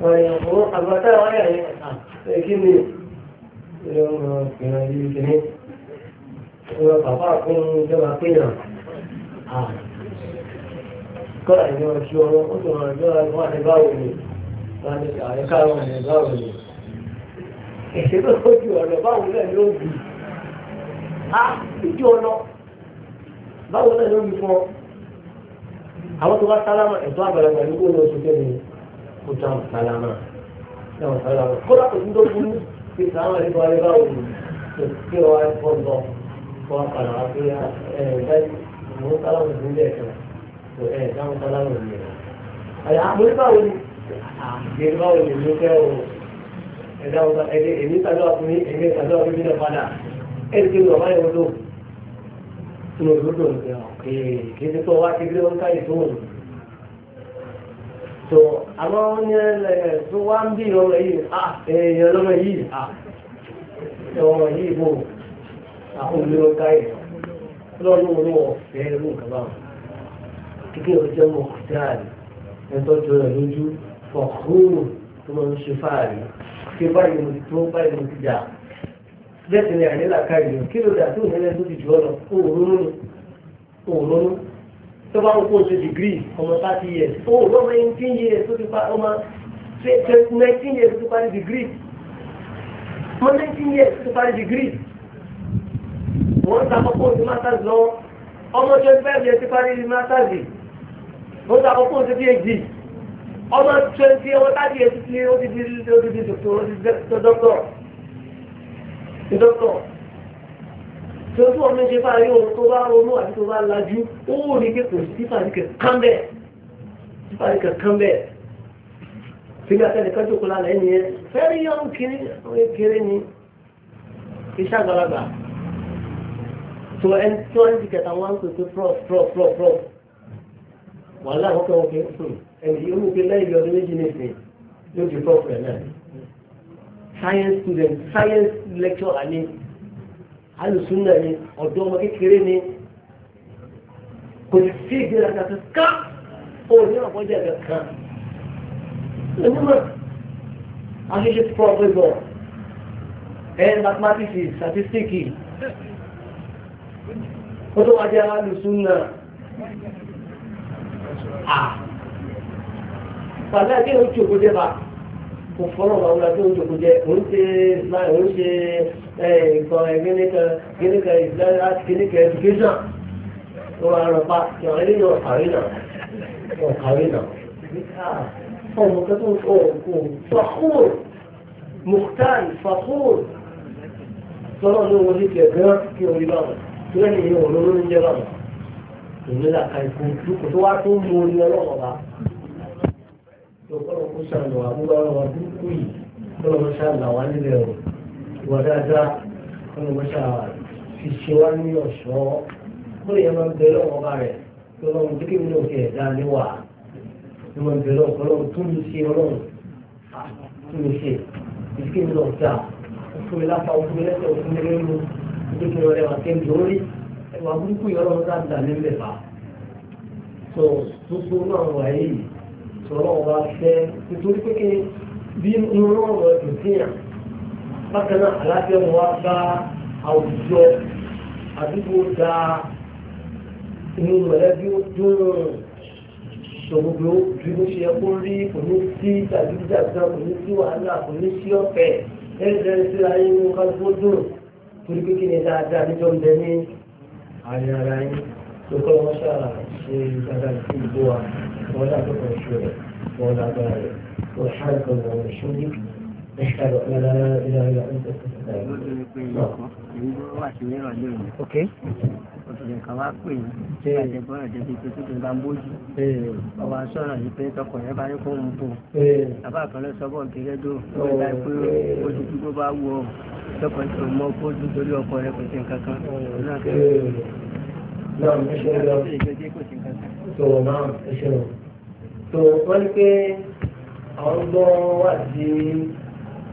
wọ̀nyí àgbàtà wáyà yẹn kí ni ìrìn ọ̀rọ̀ ìrìn àyè ìwọ bàbá fún ìjọba péyàn kọ́lá ìní ọjọ́ ọ̀rọ̀ ó tún ọ̀rọ̀ ìjọba ìwọ àdébáwò ni ẹ̀ka àwọn àdébáwò ni ẹ̀ṣẹ̀ tó kọjú ọ̀rọ̀ báwo náà ló ń bì á ìjọ ọ̀nà báwo náà ló ń bì fún ọ àwọn tó bá sálámà ẹ̀tọ́ àgbàlagbà ní kóòlù oṣù kẹ́mi kó tó àwọn sálámà ẹ̀wọ̀n sálámà kọ́lá kò tó burú kí sàmà ìbọn àdébáwò ni kí ọ wọ́n padà wá pé ẹ báyìí ìmọ̀ sálámù nílé ẹ̀ka kò ẹ̀ dáhùn sálámù ní ẹ̀. àyà àmúlé báwo ni àgbèrè báwo ni ló fẹ́ o ẹ̀ dáhùn sálámù ẹ̀ èmi sàdó àfúnmi èmi sàdó àfúnmi náà padà ẹ̀ ti lọ báyìí wọ́n lò tí mo lò lòun ní ọ̀kẹ́ kí n ti tọ́ wá kékeré wọn káyè tó wọn. tó àwọn oníyẹn lẹ̀ tó wá ń bí ọmọ yìí à èèyàn lọ́mọ yìí à ọmọ yìí bò olówó káyọ̀ lọ́nà wọn ọ̀fẹ́ ẹ̀rọ nǹkan báwọn kíkẹ́ ọjọ́ mọ̀ kùtàrí ẹ̀tọ́ tó rẹ̀ lójú fọ̀kúrù tó máa ń ṣe fáàrí ṣe báyìí mo ti tó báyìí mo ti dà bẹ́ẹ̀ sì ni ànílà káyọ̀ kí ló dà tó ìrẹ́lẹ̀ tó ti jù ọ́ lọ òòrónú òòrónú tó bá ń kó oṣù dìgírì ọmọ thirty years òòró ọmọ eighteen years tó ti pa ọmọ nineteen years tó ti parí dìgírì ọmọ nineteen years tó ti parí dìgírì mò ń ta kọ́kọ́ ní masters lọ ọmọ twenty five years ti parí ní masters mò ń ta kọ́kọ́ ní phd ọmọ twenty ọmọ thirty years ti ó ti di ó ti di doctor ó ti di doctor ti doctor tí o tún ọmọ ṣe fáyé ohun tó bá ronú àti tó bá lajú ó wò ní pé kò sí sífà ní kankan bẹ́ẹ̀ sífà ní kankan bẹ́ẹ̀ síbi àtẹnìkan jókòó lálẹ́ nìyẹn fẹ́ẹ́ rí ọ̀hún kiri kiri ni iṣẹ́ àgbàlagbà tó ẹni tó ẹni kẹta wọn pè pé prof prof prof prof wàhálà wọn kẹ wọn kẹ ẹni yóò mú pé lẹ́yìn ọdún méjì nìsín yóò di prof rẹ náà science student science lecturer ni alùsùnà ni ọ̀dọ́ ọmọ kékeré ni kò sì sí ìgbéraga kankan òní àbọ̀jà kankan onímọ̀ àṣìṣe professor ẹ̀ mathematics statistics ó tó alùsùn náà pàdé àti ìhun tí òkúté bá kò fọ́nà wà àti ìhun tí òkúté òun ṣe islam òun ṣe nǹkan gẹ́nìkan gẹ́nìkan islam àti gẹ́nìkan education ó wà rọ̀ pa yàn án nínú ọ̀kàwé náà ọ̀kàwé náà ọmọ tó ń kọ òkú fàkúr mùktáì fàkúr sọ́nà ló wọlé kẹ̀ gan kí orí bá wọn tí ìyẹn òun ń jẹ́ lọ́wọ́ òun là ka ikú kò tó wá tó ń mú orí ọlọ́wọ́ bá lọ́kọ́lọ́ kó àbúrò ọlọ́wọ́ tó yìí kọ́lọ́ mọ́ sànù nílẹ̀ rẹ̀ wà dáadáa kọ́lọ́ mọ́ fi ṣe wá ní ọ̀ṣọ́ kó lè yẹ máa ń bẹ lọ́wọ́ bá rẹ̀ lọ́wọ́ tó kí wọ́n ẹ̀dá lé wà wọ́n bẹ lọ́wọ́ tó ń ṣe ọlọ́wọ́ tó ń ṣe pé kí wọ́n rẹwà kéńdì orí ẹwà burúkú yọrọ wọn sáà dà nílẹ̀ fà so gbogbo náà wà yìí sọ̀rọ̀ ọba fẹ́ nítorí pé kí bí inú náà wọ̀ ẹ̀sìn síyàn bákan náà aláfẹ́ wọn wá bá àwùjọ àdúgbò da inú mọ̀lẹ́bí ó dùn ṣògbogbo ju bó ṣe yẹ kó rí kò ní sí tàbí dídàgbà kò ní sí wàhálà kò ní sí ọ̀fẹ́ ẹ̀rẹ́dẹ̀rẹ́ sí ayé inú kálukú dùn torí pé kí ni dáadáa níjọ́ ń bẹ ní àárín ara yín tó kọ́ wọn ṣáà ṣe dáadáa sí ìbò wa wọn dáadáa kan ṣe rẹ̀ wọn dáadáa rẹ̀ wọn ṣáà kan wọn rẹ̀ ṣó ní ẹ̀ṣẹ̀ ọ̀la ìlànà ìlànà ìlànà ìlànà. ok ọ̀tọ̀dẹ̀ kan wá pè yín àjẹgbọ́n àjẹbí tó tó gbà ń bójú ọwọ́ aṣọ́nà yìí pé tọkọ̀ yẹn bá ní kó ń bò bàbá kan lọ sọ́bọ̀ nkérẹ́dò wọ́n láì pé ojú tí ó bá wù ọ́ tọkọ̀ tó mọ́ bójú torí ọkọ̀ rẹ kò sí nǹkan kan náà kí náà ń ṣe lọ tó máa ń ṣe lọ tó wọ́n ní pé àwọn gbọ́ wà sí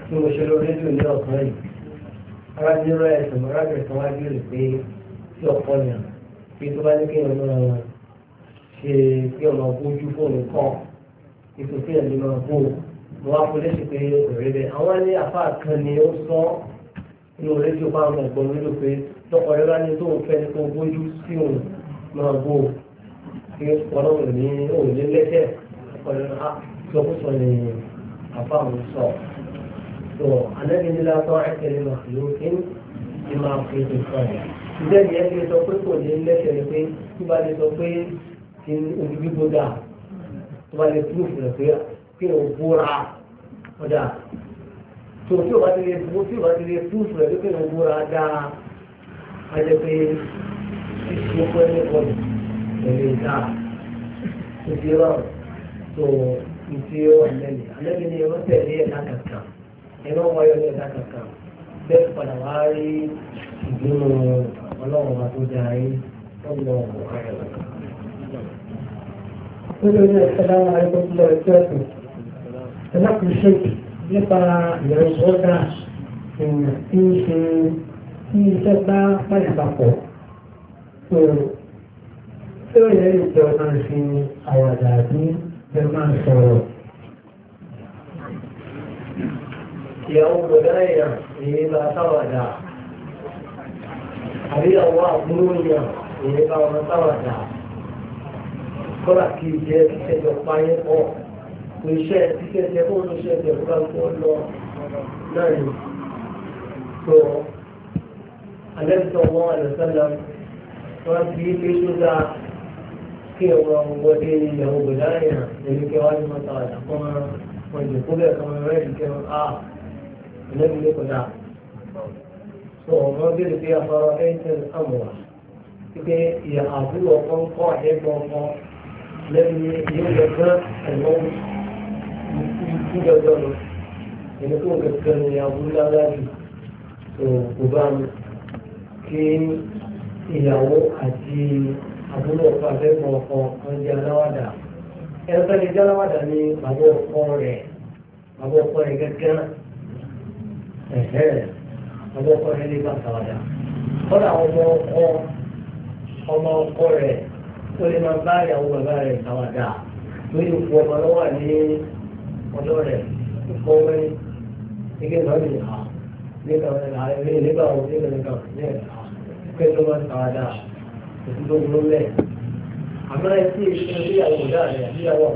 tí mo ṣe lọ rédíò ní ọ̀kan yìí sí ọ̀pọ̀ yàn bí tó bá ní kéèyàn máa ṣe kí ọmọ bójú fóònù kan ètò kéèyàn lè máa bò mo wá fún léṣe pé òré bẹ àwọn ní afá kan ni ó sọ inú rédíò bá àwọn ẹ̀gbọ́n rédíò pé lọ́kọ̀ rẹ bá ní tó ń fẹ́ ní kó bójú sí òun máa bò pé ọlọ́run ní òun ní lẹ́sẹ̀ ọkọ̀ rẹ á sọkúsọ ní afá òun sọ. So, أنا بني لا طاعة لمخلوق لما أفيد الصالح bẹ́ẹ̀ ni ẹ lè sọ pé kò ní lẹ́sẹ̀ rẹ̀ pé tó bá lè sọ pé ti ojú gbígbó dà tó bá lè púrúfù rẹ̀ pé pé ò búra ọ̀dà tó tí ò bá ti lè bú tí ò bá ti lè púrúfù rẹ̀ pé pé ò búra dá a jẹ pé ṣíṣe fún ẹni kan pẹ̀lú ìdá tó ti rà tó ní tí ó wà ni ẹ̀rọ tẹ̀lé ẹ̀dá kankan ẹ̀rọ wáyọ̀ ẹ̀dá kankan bẹ́ẹ̀ padà wá rí nínú ọlọ́run wa tó dáa yín tó ń lọ ọ̀rọ̀ ayọ̀. Olórí ẹ̀sẹ̀lá ayọ́kọ̀tún lọ ẹ̀kọ́ ẹ̀kọ́. Ẹlọ́kùn ṣe nípa ìrẹsọ́dà èèyàn tí ń ṣe tí iṣẹ́ bá pàdé papọ̀. Ṣé ó yẹ ìjọ máa fi àwàdà bí ẹ máa sọ̀rọ̀? Ìyàwó Bọ̀dáyà èyí bá sáwàdà àbí ọwọ́ àbúrò yàn èyí bá wọn sáwàdà kọ́lá kí ìjẹ́ ìṣẹ̀jọ̀ páyé pọ̀ kò iṣẹ́ ìṣẹ̀jẹ̀ fún olùṣẹ̀jẹ̀ fún báńkì ó lọ náà ni. tó alẹ́sọ̀ wọn àlẹ́sọ̀lá wọn fi ilé ṣúgà kí ọmọ wọlé ìyàwó gbèdá yàn èyí kí wọ́n á ní wọn sáwàdà kọ́ wọn jù kúlẹ̀ kọ́ wọn rẹ́ẹ̀dì kí wọ́n á ah! ẹlẹ́bi ọ̀rọ̀ bẹ̀rẹ̀ bí afárá ẹ̀ńtẹ̀lì àmọ̀ràn pípé ìyá àbúrò ọkàn kọ́ ẹ̀gbọ́n kan lẹ́nu yóò lọ gán ẹ̀wọ́n ikú lọ ẹni tó ń kẹ̀kẹ́ ní àbúrò lágbàdì kò bá mi kí ìyàwó àti àbúrò ọkàn ẹ̀gbọ́n kan kan aláwàdà ẹ̀ńtẹ̀lì jẹ́ aláwàdà ní bàbá ọkọ rẹ̀ bàbá ọkọ rẹ̀ gẹ́gẹ́ àwọn ọkọ rẹ̀ lè bá kọ́dà ọmọ ọkọ ọmọ ọkọ rẹ̀ tó lè máa bá ìyàwó bàbá rẹ̀ sàwádà lórí òkú ọmọ lọ́wọ́ ní ọ̀dọ́ rẹ̀ kọ́ wẹ́ ike náà lè ha nígbà wọn là ẹ̀ lè nígbà wọn nígbà nígbà wọn ní ẹ̀ ha pé máa sàwádà òtún tó burú lẹ̀ àmọ́ ẹ tí ìṣẹ́ ìyàwó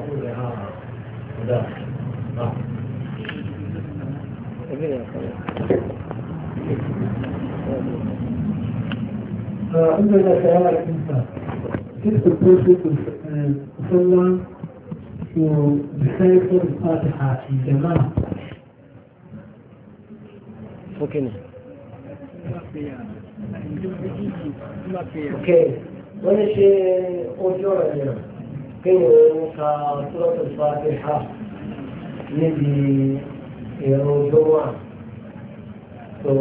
عندنا سؤال الإنسان كيف البروفيت صلى وبسيطر الفاتحة في جماعة فكنا اوكي وانا شيء اوجور اليوم كاين كسورة الفاتحة نبي يوم جمعة so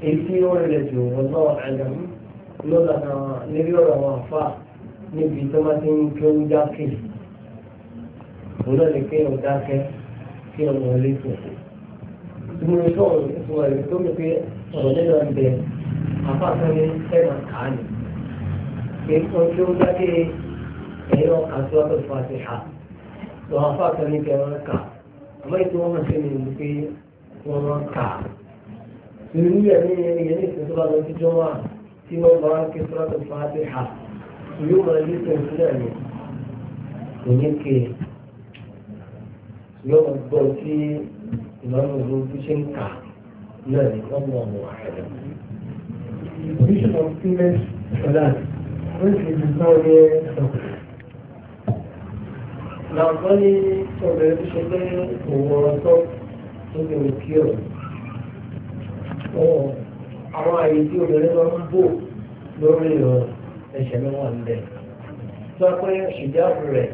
èyí ó rẹ̀ jù wọ́n náà àgàm lọ́dà náà níbi ọ̀rọ̀ àwọn àfà níbi tó bá ti ń kí ó dákè òun náà lè kéèyàn dákẹ́ kí ọmọ ilé tó mo ní sọ̀rọ̀ ìtumọ̀ rẹ̀ tó mi pé ọ̀rọ̀ nínú ọ̀dẹ̀ àfà kan ní ẹ̀rọ kàá ni èyí kan kí ó dákè ẹ̀yìn ọkà tó wà pẹ̀lú àti hà lọ́wọ́ àfà kan ní kẹrin ọkà àmọ́ ìtumọ̀ wọn ṣe ní ìlú pé wọ́n máa ń kà. irú yẹn ní ẹni yẹn ní ìfẹsọ́lá lọ sí jọ́mọ́ tí wọ́n máa ń ké sọ́lá tó fà á dé hà yóò máa yí tó ìfúnná mi kò ní ké yóò máa gbọ́ tí ìmọ̀ràn òru bí ṣe ń kà náà ní wọ́n mú ọmọ ààrẹ. Bishop of Females for that. Wọ́n ti di náà ní ẹ̀sọ́ làwọn ní ọbẹ̀ tó ṣe pé òun ọ̀rọ̀ tó lóbìnrin kí ọ̀rọ̀ ọ̀hún àwọn àyè tí obìnrin máa ń bò lórí ẹ̀ṣẹ̀ ló wà nílẹ̀ tó a pé ìjáàbù rẹ̀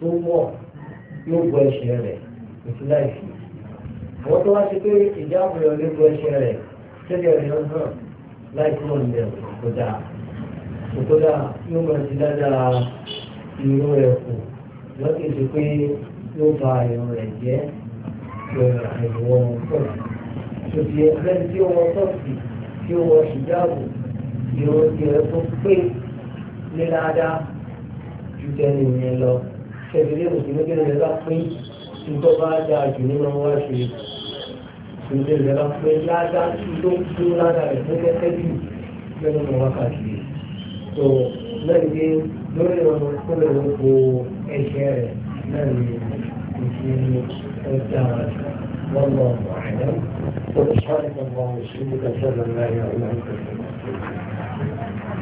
tó wọ̀ yóò bọ ẹ̀ṣẹ̀ rẹ̀ ètò láìsí àwọn tó wá sí pé ìjáàbù rẹ̀ ló bọ ẹ̀ṣẹ̀ rẹ̀ tẹ́lẹ̀ rẹ̀ ń hàn láìsí wọn nílẹ̀ kò dáa yóò máa ti dáadáa ìró rẹ̀ kù lọ́kì sí pé yóò ba ìró rẹ̀ jẹ́ àìwọ̀ tọ́ọ̀sì ṣòtì ẹgbẹ́ tí ó wọ tọ́ọ̀sì tí ó wọ ṣìjáàbù ìrún tiẹ̀ tó pé ní dáadáa ju tẹni yẹn lọ ṣẹ̀fẹ̀lẹ́ mùsùlùmí kí lè bá pín nígbà bá dáa jù nínú wá ṣe ṣòtì lè bá pín ládàá tó tó ládàá rẹ̀ tó kẹ́kẹ́ jù lẹ́nu wákàtí tó lẹ́yìn pé lórí ọmọ tó lè wọ́pọ̀ ẹ̀ṣẹ̀ rẹ̀ lẹ́yìn ìṣẹ́ ẹ̀dá rẹ̀. والله أعلم وبشارك الله وسلمك صلى الله عليه وسلم